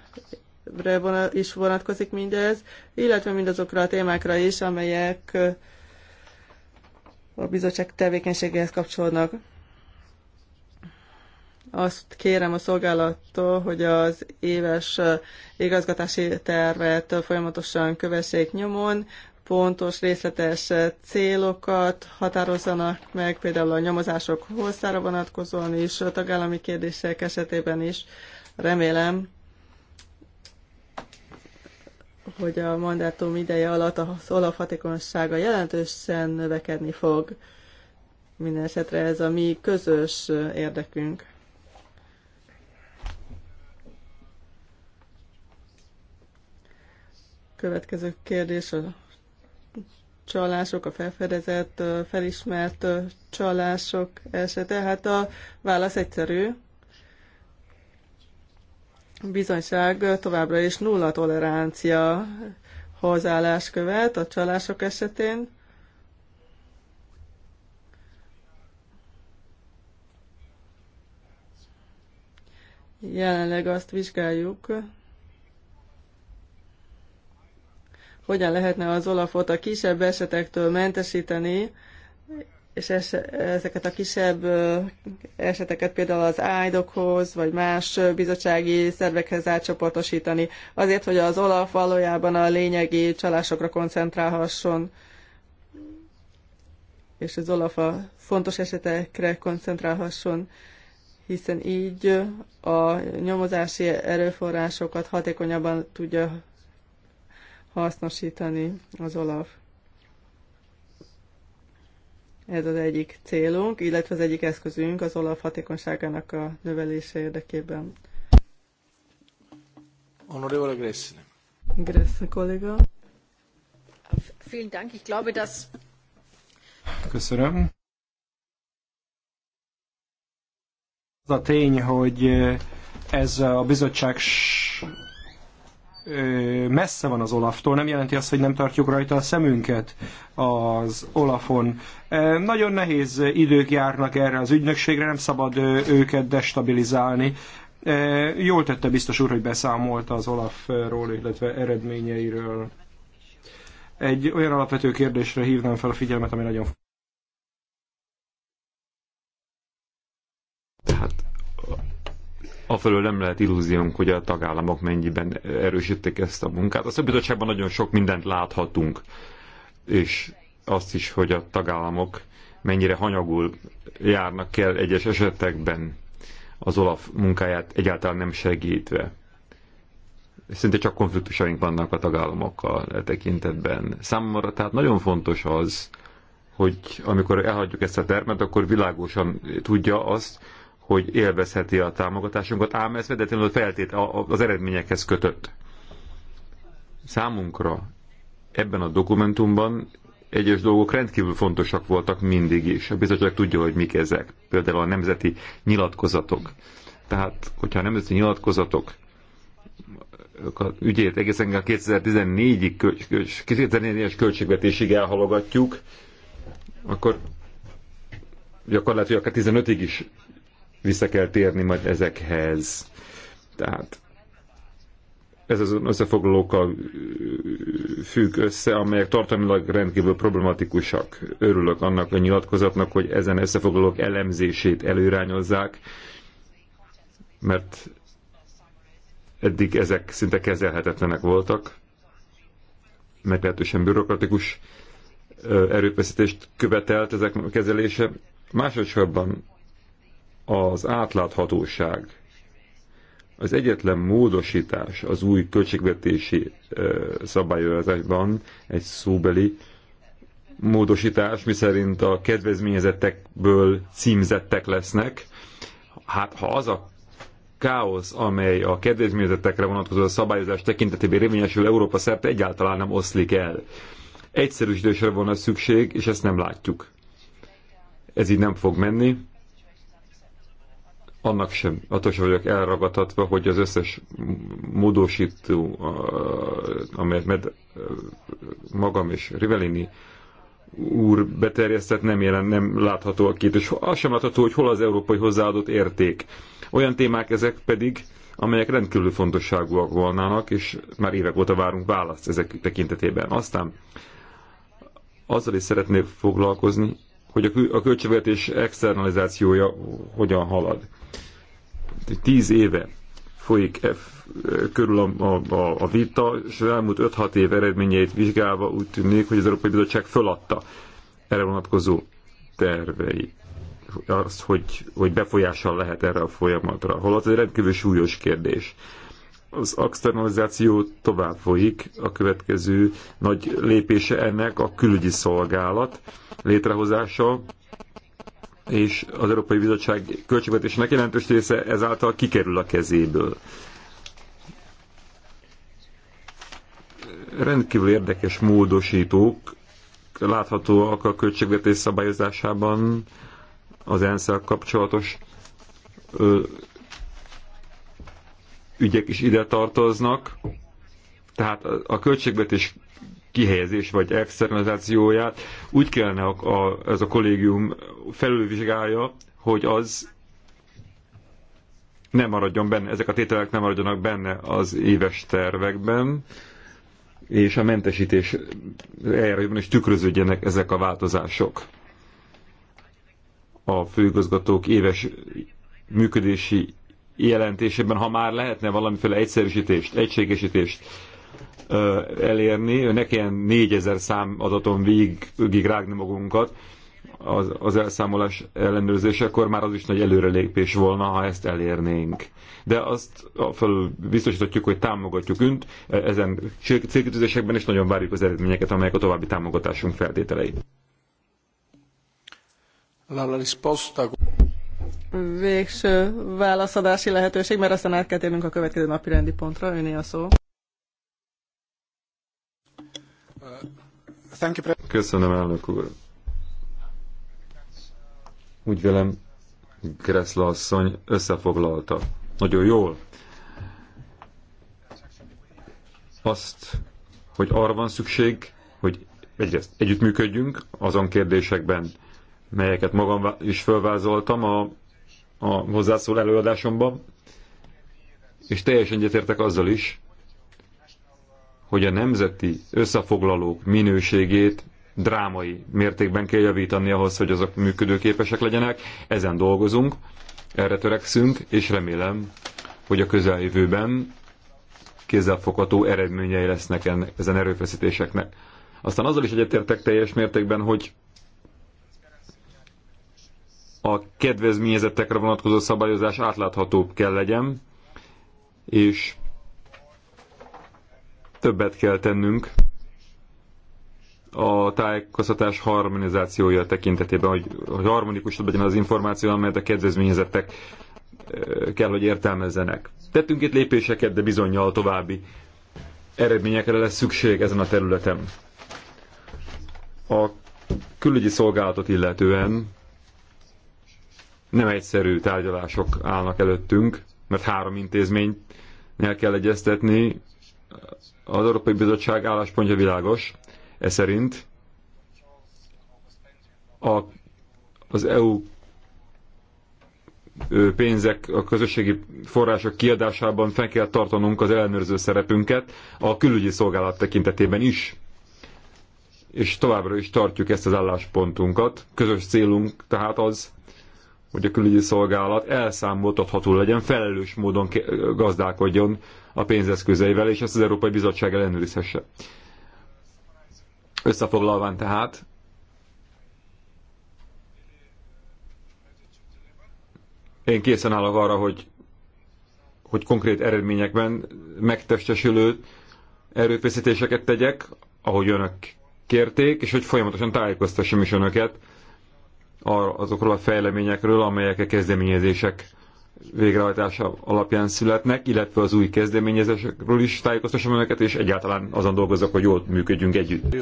is vonatkozik mindez, illetve mindazokra a témákra is, amelyek a bizottság tevékenységéhez kapcsolódnak. Azt kérem a szolgálattól, hogy az éves igazgatási tervet folyamatosan kövessék nyomon, pontos, részletes célokat határozzanak meg, például a nyomozások hosszára vonatkozóan is, a tagállami kérdések esetében is. Remélem, hogy a mandátum ideje alatt az olaf hatékonysága jelentősen növekedni fog. Minden esetre ez a mi közös érdekünk. Következő kérdés a csalások, a felfedezett, felismert csalások esete. Hát a válasz egyszerű. Bizonyság továbbra is nulla tolerancia hozzáállás követ a csalások esetén. Jelenleg azt vizsgáljuk, hogyan lehetne az Olafot a kisebb esetektől mentesíteni, és es, ezeket a kisebb eseteket például az ájdokhoz, vagy más bizottsági szervekhez átcsoportosítani, azért, hogy az OLAF valójában a lényegi csalásokra koncentrálhasson, és az OLAF a fontos esetekre koncentrálhasson, hiszen így a nyomozási erőforrásokat hatékonyabban tudja hasznosítani az OLAF. Ez az egyik célunk, illetve az egyik eszközünk az OLAF hatékonyságának a növelése érdekében. Honorevole Gressine. Gressine kolléga. Vielen Dank. Ich glaube, dass Köszönöm. Az a tény, hogy ez a bizottság messze van az Olaftól, nem jelenti azt, hogy nem tartjuk rajta a szemünket az Olafon. Nagyon nehéz idők járnak erre az ügynökségre, nem szabad őket destabilizálni. Jól tette biztos úr, hogy beszámolta az Olafról, illetve eredményeiről. Egy olyan alapvető kérdésre hívnám fel a figyelmet, ami nagyon afelől nem lehet illúziónk, hogy a tagállamok mennyiben erősítik ezt a munkát. A szabadságban nagyon sok mindent láthatunk, és azt is, hogy a tagállamok mennyire hanyagul járnak el egyes esetekben az Olaf munkáját egyáltalán nem segítve. Szinte csak konfliktusaink vannak a tagállamokkal e tekintetben. Számomra tehát nagyon fontos az, hogy amikor elhagyjuk ezt a termet, akkor világosan tudja azt, hogy élvezheti a támogatásunkat, ám ez vedetlenül feltét az eredményekhez kötött. Számunkra ebben a dokumentumban egyes dolgok rendkívül fontosak voltak mindig is. A bizottság tudja, hogy mik ezek. Például a nemzeti nyilatkozatok. Tehát, hogyha a nemzeti nyilatkozatok ügyét egészen a 2014-ig, 2014-es költségvetésig elhalogatjuk, akkor gyakorlatilag akár 15-ig is vissza kell térni majd ezekhez. Tehát ez az összefoglalókkal függ össze, amelyek tartalmilag rendkívül problematikusak. Örülök annak a nyilatkozatnak, hogy ezen összefoglalók elemzését előrányozzák, mert eddig ezek szinte kezelhetetlenek voltak, meglehetősen bürokratikus erőfeszítést követelt ezek kezelése. Másodszorban az átláthatóság az egyetlen módosítás az új költségvetési szabályozásban egy szóbeli módosítás, miszerint a kedvezményezettekből címzettek lesznek. Hát ha az a káosz, amely a kedvezményezettekre vonatkozó szabályozás tekintetében érvényesül Európa szerte egyáltalán nem oszlik el. Egyszerűsítésre van a szükség, és ezt nem látjuk. Ez így nem fog menni annak sem, attól sem vagyok elragadhatva, hogy az összes módosító, amelyet med, magam és Rivelini úr beterjesztett, nem jelen, nem látható a két, és az sem látható, hogy hol az európai hozzáadott érték. Olyan témák ezek pedig, amelyek rendkívül fontosságúak volnának, és már évek óta várunk választ ezek tekintetében. Aztán azzal is szeretnék foglalkozni, hogy a költségvetés externalizációja hogyan halad tíz éve folyik e, F e, körül a, a, a vita, és az elmúlt 5-6 év eredményeit vizsgálva úgy tűnik, hogy az Európai Bizottság föladta erre vonatkozó tervei, az, hogy, hogy befolyással lehet erre a folyamatra. Holott ez egy rendkívül súlyos kérdés. Az externalizáció tovább folyik, a következő nagy lépése ennek a külügyi szolgálat létrehozása, és az Európai Bizottság költségvetésének jelentős része ezáltal kikerül a kezéből. Rendkívül érdekes módosítók láthatóak a költségvetés szabályozásában az ensz kapcsolatos ö, ügyek is ide tartoznak. Tehát a költségvetés kihelyezés vagy externalizációját úgy kellene a, a, ez a kollégium felülvizsgálja, hogy az nem maradjon benne, ezek a tételek nem maradjanak benne az éves tervekben, és a mentesítés eljárásban is tükröződjenek ezek a változások. A főigazgatók éves működési jelentésében, ha már lehetne valamiféle egyszerűsítést, egységesítést elérni, ne kelljen 4000 szám adaton végig rágni magunkat az, az elszámolás ellenőrzésekor, már az is nagy előrelépés volna, ha ezt elérnénk. De azt felül biztosíthatjuk, hogy támogatjuk önt e, ezen célkitűzésekben, és nagyon várjuk az eredményeket, amelyek a további támogatásunk feltételei. Végső válaszadási lehetőség, mert aztán át kell térnünk a következő napi rendi pontra, öné a szó. Köszönöm, elnök úr. Úgy vélem, Kreszla asszony összefoglalta. Nagyon jól. Azt, hogy arra van szükség, hogy egyrészt együttműködjünk azon kérdésekben, melyeket magam is felvázoltam a, a hozzászól előadásomban, és teljesen egyetértek azzal is, hogy a nemzeti összefoglalók minőségét drámai mértékben kell javítani ahhoz, hogy azok működőképesek legyenek. Ezen dolgozunk, erre törekszünk, és remélem, hogy a közeljövőben kézzelfogható eredményei lesznek ennek, ezen erőfeszítéseknek. Aztán azzal is egyetértek teljes mértékben, hogy a kedvezményezettekre vonatkozó szabályozás átláthatóbb kell legyen, és Többet kell tennünk a tájékoztatás harmonizációja tekintetében, hogy, hogy harmonikusabb legyen az információ, amelyet a kedvezményezettek kell, hogy értelmezzenek. Tettünk itt lépéseket, de bizonyal további eredményekre lesz szükség ezen a területen. A külügyi szolgálatot illetően nem egyszerű tárgyalások állnak előttünk, mert három intézményt el kell egyeztetni, az Európai Bizottság álláspontja világos, e szerint a, az EU pénzek, a közösségi források kiadásában fel kell tartanunk az ellenőrző szerepünket a külügyi szolgálat tekintetében is. És továbbra is tartjuk ezt az álláspontunkat. Közös célunk tehát az, hogy a külügyi szolgálat elszámoltatható legyen, felelős módon gazdálkodjon a pénzeszközeivel, és ezt az Európai Bizottság ellenőrizhesse. Összefoglalván tehát, én készen állok arra, hogy, hogy konkrét eredményekben megtestesülő erőfeszítéseket tegyek, ahogy önök kérték, és hogy folyamatosan tájékoztassam is önöket azokról a fejleményekről, amelyek a kezdeményezések végrehajtása alapján születnek, illetve az új kezdeményezésekről is tájékoztassam önöket, és egyáltalán azon dolgozok, hogy jól működjünk együtt.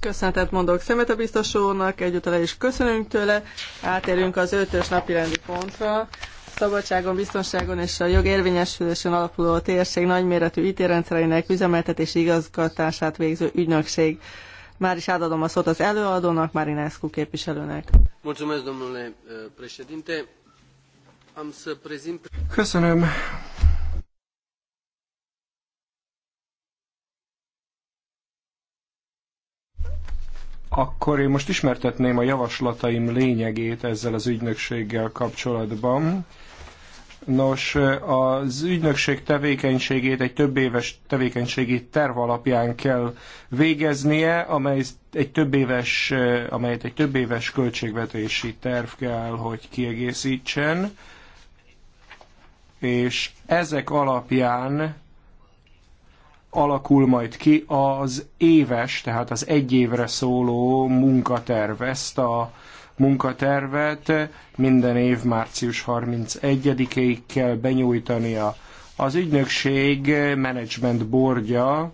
Köszönetet mondok a biztos úrnak, egyúttal is köszönünk tőle. Átérünk az ötös rendi pontra. Szabadságon, biztonságon és a jog érvényesülésen alapuló a térség nagyméretű it üzemeltetési igazgatását végző ügynökség. Már is átadom a szót az előadónak, Marinescu képviselőnek. Mulțumesc, domnule eh, președinte. Köszönöm. Akkor én most ismertetném a javaslataim lényegét ezzel az ügynökséggel kapcsolatban. Nos, az ügynökség tevékenységét egy több éves tevékenységi terv alapján kell végeznie, amely egy több éves, amelyet egy több éves költségvetési terv kell, hogy kiegészítsen és ezek alapján alakul majd ki az éves, tehát az egy évre szóló munkaterv. Ezt a munkatervet minden év március 31-ig kell benyújtania. Az ügynökség management boardja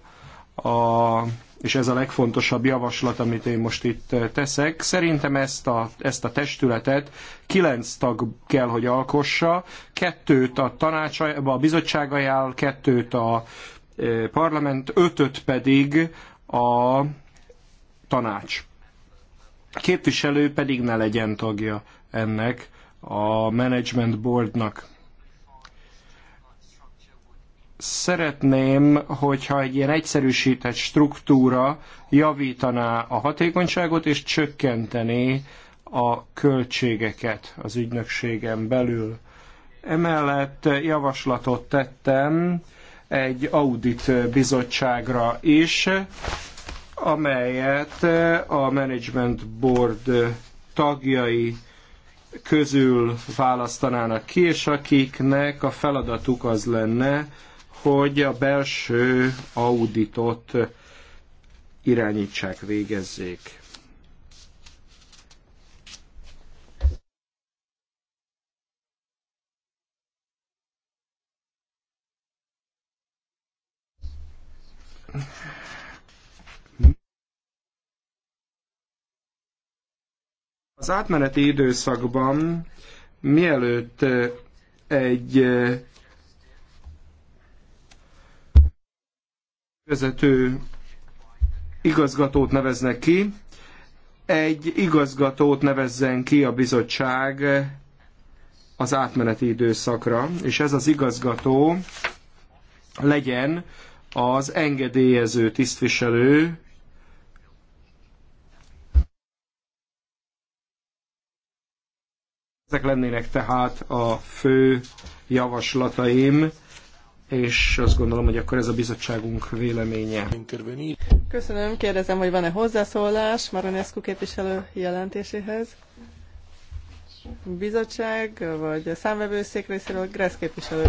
a és ez a legfontosabb javaslat, amit én most itt eh, teszek. Szerintem ezt a, ezt a testületet kilenc tag kell, hogy alkossa, kettőt a tanács, a bizottság ajánl, kettőt a eh, parlament, ötöt pedig a tanács. A képviselő pedig ne legyen tagja ennek a management boardnak szeretném, hogyha egy ilyen egyszerűsített struktúra javítaná a hatékonyságot és csökkentené a költségeket az ügynökségen belül. Emellett javaslatot tettem egy audit bizottságra is, amelyet a Management Board tagjai közül választanának ki, és akiknek a feladatuk az lenne, hogy a belső auditot irányítsák, végezzék. Az átmeneti időszakban mielőtt egy vezető igazgatót neveznek ki, egy igazgatót nevezzen ki a bizottság az átmeneti időszakra, és ez az igazgató legyen az engedélyező tisztviselő, Ezek lennének tehát a fő javaslataim és azt gondolom, hogy akkor ez a bizottságunk véleménye. Köszönöm, kérdezem, hogy van-e hozzászólás Maronescu képviselő jelentéséhez? Bizottság, vagy a számvevőszék részéről Gressz képviselő?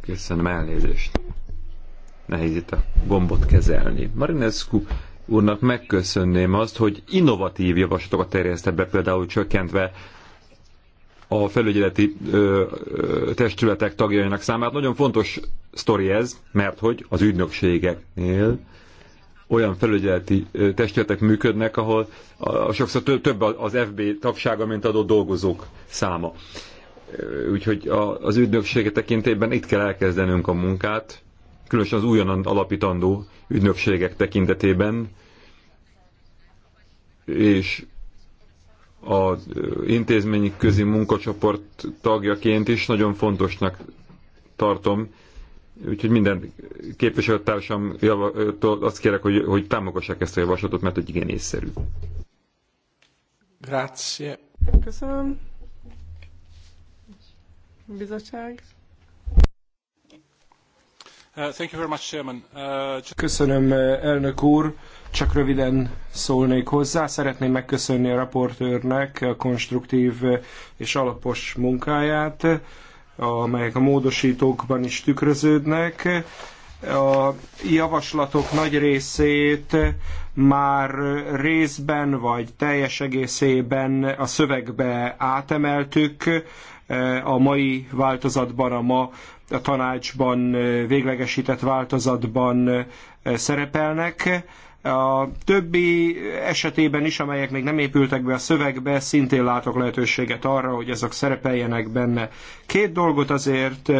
Köszönöm elnézést. Nehéz itt a gombot kezelni. Marinescu úrnak megköszönném azt, hogy innovatív javaslatokat terjesztett be, például csökkentve a felügyeleti ö, ö, testületek tagjainak számát. Nagyon fontos sztori ez, mert hogy az ügynökségeknél olyan felügyeleti ö, testületek működnek, ahol a, a sokszor több, több az FB tagsága, mint adott dolgozók száma. Úgyhogy a, az ügynökségek tekintében itt kell elkezdenünk a munkát, különösen az újonnan alapítandó ügynökségek tekintetében, és az intézményi közi munkacsoport tagjaként is nagyon fontosnak tartom, úgyhogy minden képviselőtársam azt kérek, hogy, hogy támogassák ezt a javaslatot, mert egy igen észszerű. Grazie. Köszönöm. Bizottság. Uh, uh, Köszönöm, uh, elnök úr. Csak röviden szólnék hozzá. Szeretném megköszönni a raportőrnek a konstruktív és alapos munkáját, amelyek a módosítókban is tükröződnek. A javaslatok nagy részét már részben vagy teljes egészében a szövegbe átemeltük, a mai változatban a ma a tanácsban véglegesített változatban szerepelnek. A többi esetében is, amelyek még nem épültek be a szövegbe, szintén látok lehetőséget arra, hogy ezek szerepeljenek benne. Két dolgot azért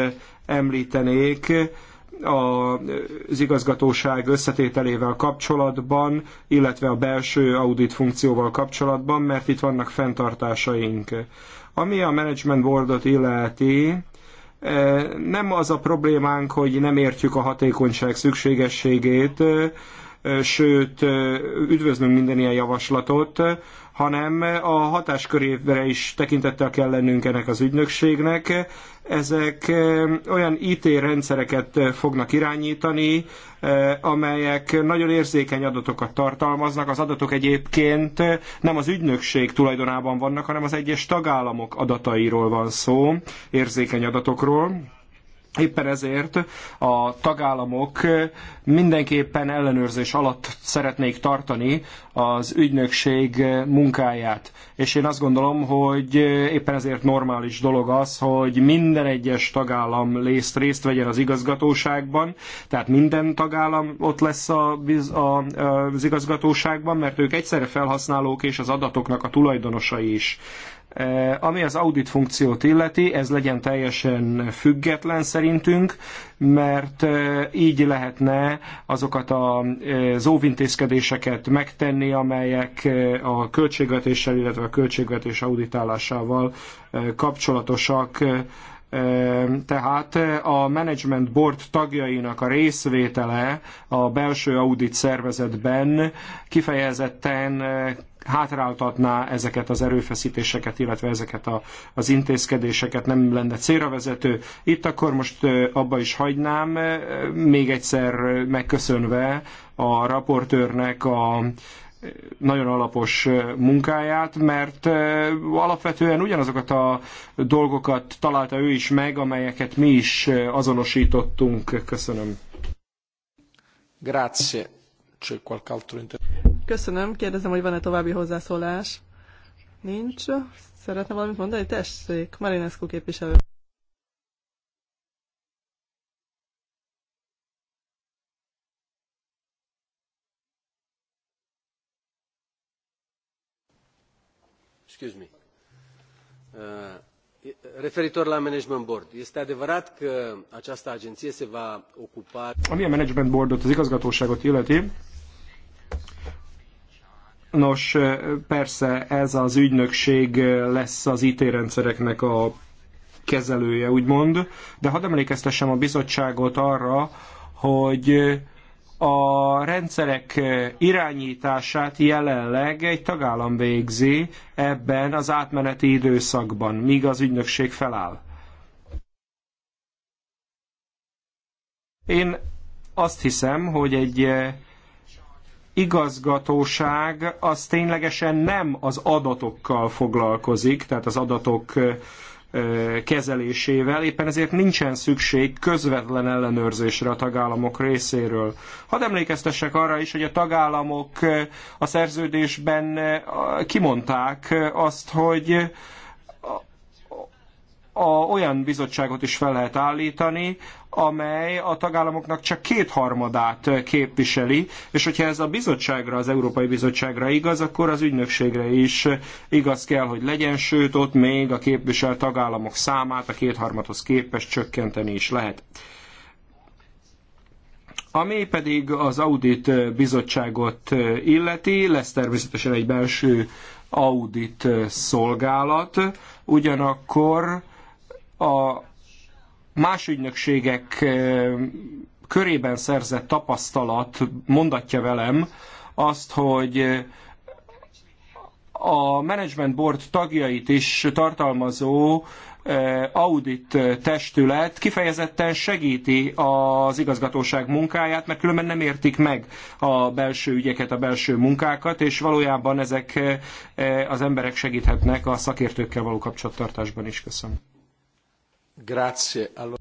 említenék az igazgatóság összetételével kapcsolatban, illetve a belső audit funkcióval kapcsolatban, mert itt vannak fenntartásaink. Ami a Management Boardot illeti, nem az a problémánk, hogy nem értjük a hatékonyság szükségességét, sőt, üdvözlünk minden ilyen javaslatot, hanem a hatáskörére is tekintettel kell lennünk ennek az ügynökségnek. Ezek olyan IT rendszereket fognak irányítani, amelyek nagyon érzékeny adatokat tartalmaznak. Az adatok egyébként nem az ügynökség tulajdonában vannak, hanem az egyes tagállamok adatairól van szó, érzékeny adatokról Éppen ezért a tagállamok mindenképpen ellenőrzés alatt szeretnék tartani az ügynökség munkáját. És én azt gondolom, hogy éppen ezért normális dolog az, hogy minden egyes tagállam részt, részt vegyen az igazgatóságban, tehát minden tagállam ott lesz a, a, az igazgatóságban, mert ők egyszerre felhasználók és az adatoknak a tulajdonosai is. Eh, ami az audit funkciót illeti, ez legyen teljesen független szerintünk, mert eh, így lehetne azokat az eh, óvintézkedéseket megtenni, amelyek a költségvetéssel, illetve a költségvetés auditálásával kapcsolatosak tehát a Management Board tagjainak a részvétele a belső audit szervezetben kifejezetten hátráltatná ezeket az erőfeszítéseket, illetve ezeket a, az intézkedéseket, nem lenne célra vezető. Itt akkor most abba is hagynám, még egyszer megköszönve a raportőrnek a nagyon alapos munkáját, mert alapvetően ugyanazokat a dolgokat találta ő is meg, amelyeket mi is azonosítottunk. Köszönöm. Grazie. C'è qualche altro intervento? Köszönöm, kérdezem, hogy van-e további hozzászólás. Nincs. Szeretne valamit mondani? Tessék, Marinescu képviselő. Excuse me. Uh, e, referitor la management board, este adevărat că această agenție se va ocupa... Ami a management boardot, az igazgatóságot illeti, Nos, persze ez az ügynökség lesz az IT-rendszereknek a kezelője, úgymond, de hadd emlékeztessem a bizottságot arra, hogy a rendszerek irányítását jelenleg egy tagállam végzi ebben az átmeneti időszakban, míg az ügynökség feláll. Én azt hiszem, hogy egy igazgatóság az ténylegesen nem az adatokkal foglalkozik, tehát az adatok kezelésével, éppen ezért nincsen szükség közvetlen ellenőrzésre a tagállamok részéről. Hadd emlékeztessek arra is, hogy a tagállamok a szerződésben kimondták azt, hogy a, olyan bizottságot is fel lehet állítani, amely a tagállamoknak csak kétharmadát képviseli, és hogyha ez a bizottságra, az Európai Bizottságra igaz, akkor az ügynökségre is igaz kell, hogy legyen, sőt ott még a képviselt tagállamok számát a kétharmadhoz képest csökkenteni is lehet. Ami pedig az audit bizottságot illeti, lesz természetesen egy belső audit szolgálat, ugyanakkor a más ügynökségek eh, körében szerzett tapasztalat mondatja velem azt, hogy eh, a Management Board tagjait is tartalmazó eh, audit testület kifejezetten segíti az igazgatóság munkáját, mert különben nem értik meg a belső ügyeket, a belső munkákat, és valójában ezek az emberek segíthetnek a szakértőkkel való kapcsolattartásban is. Köszönöm. Grazie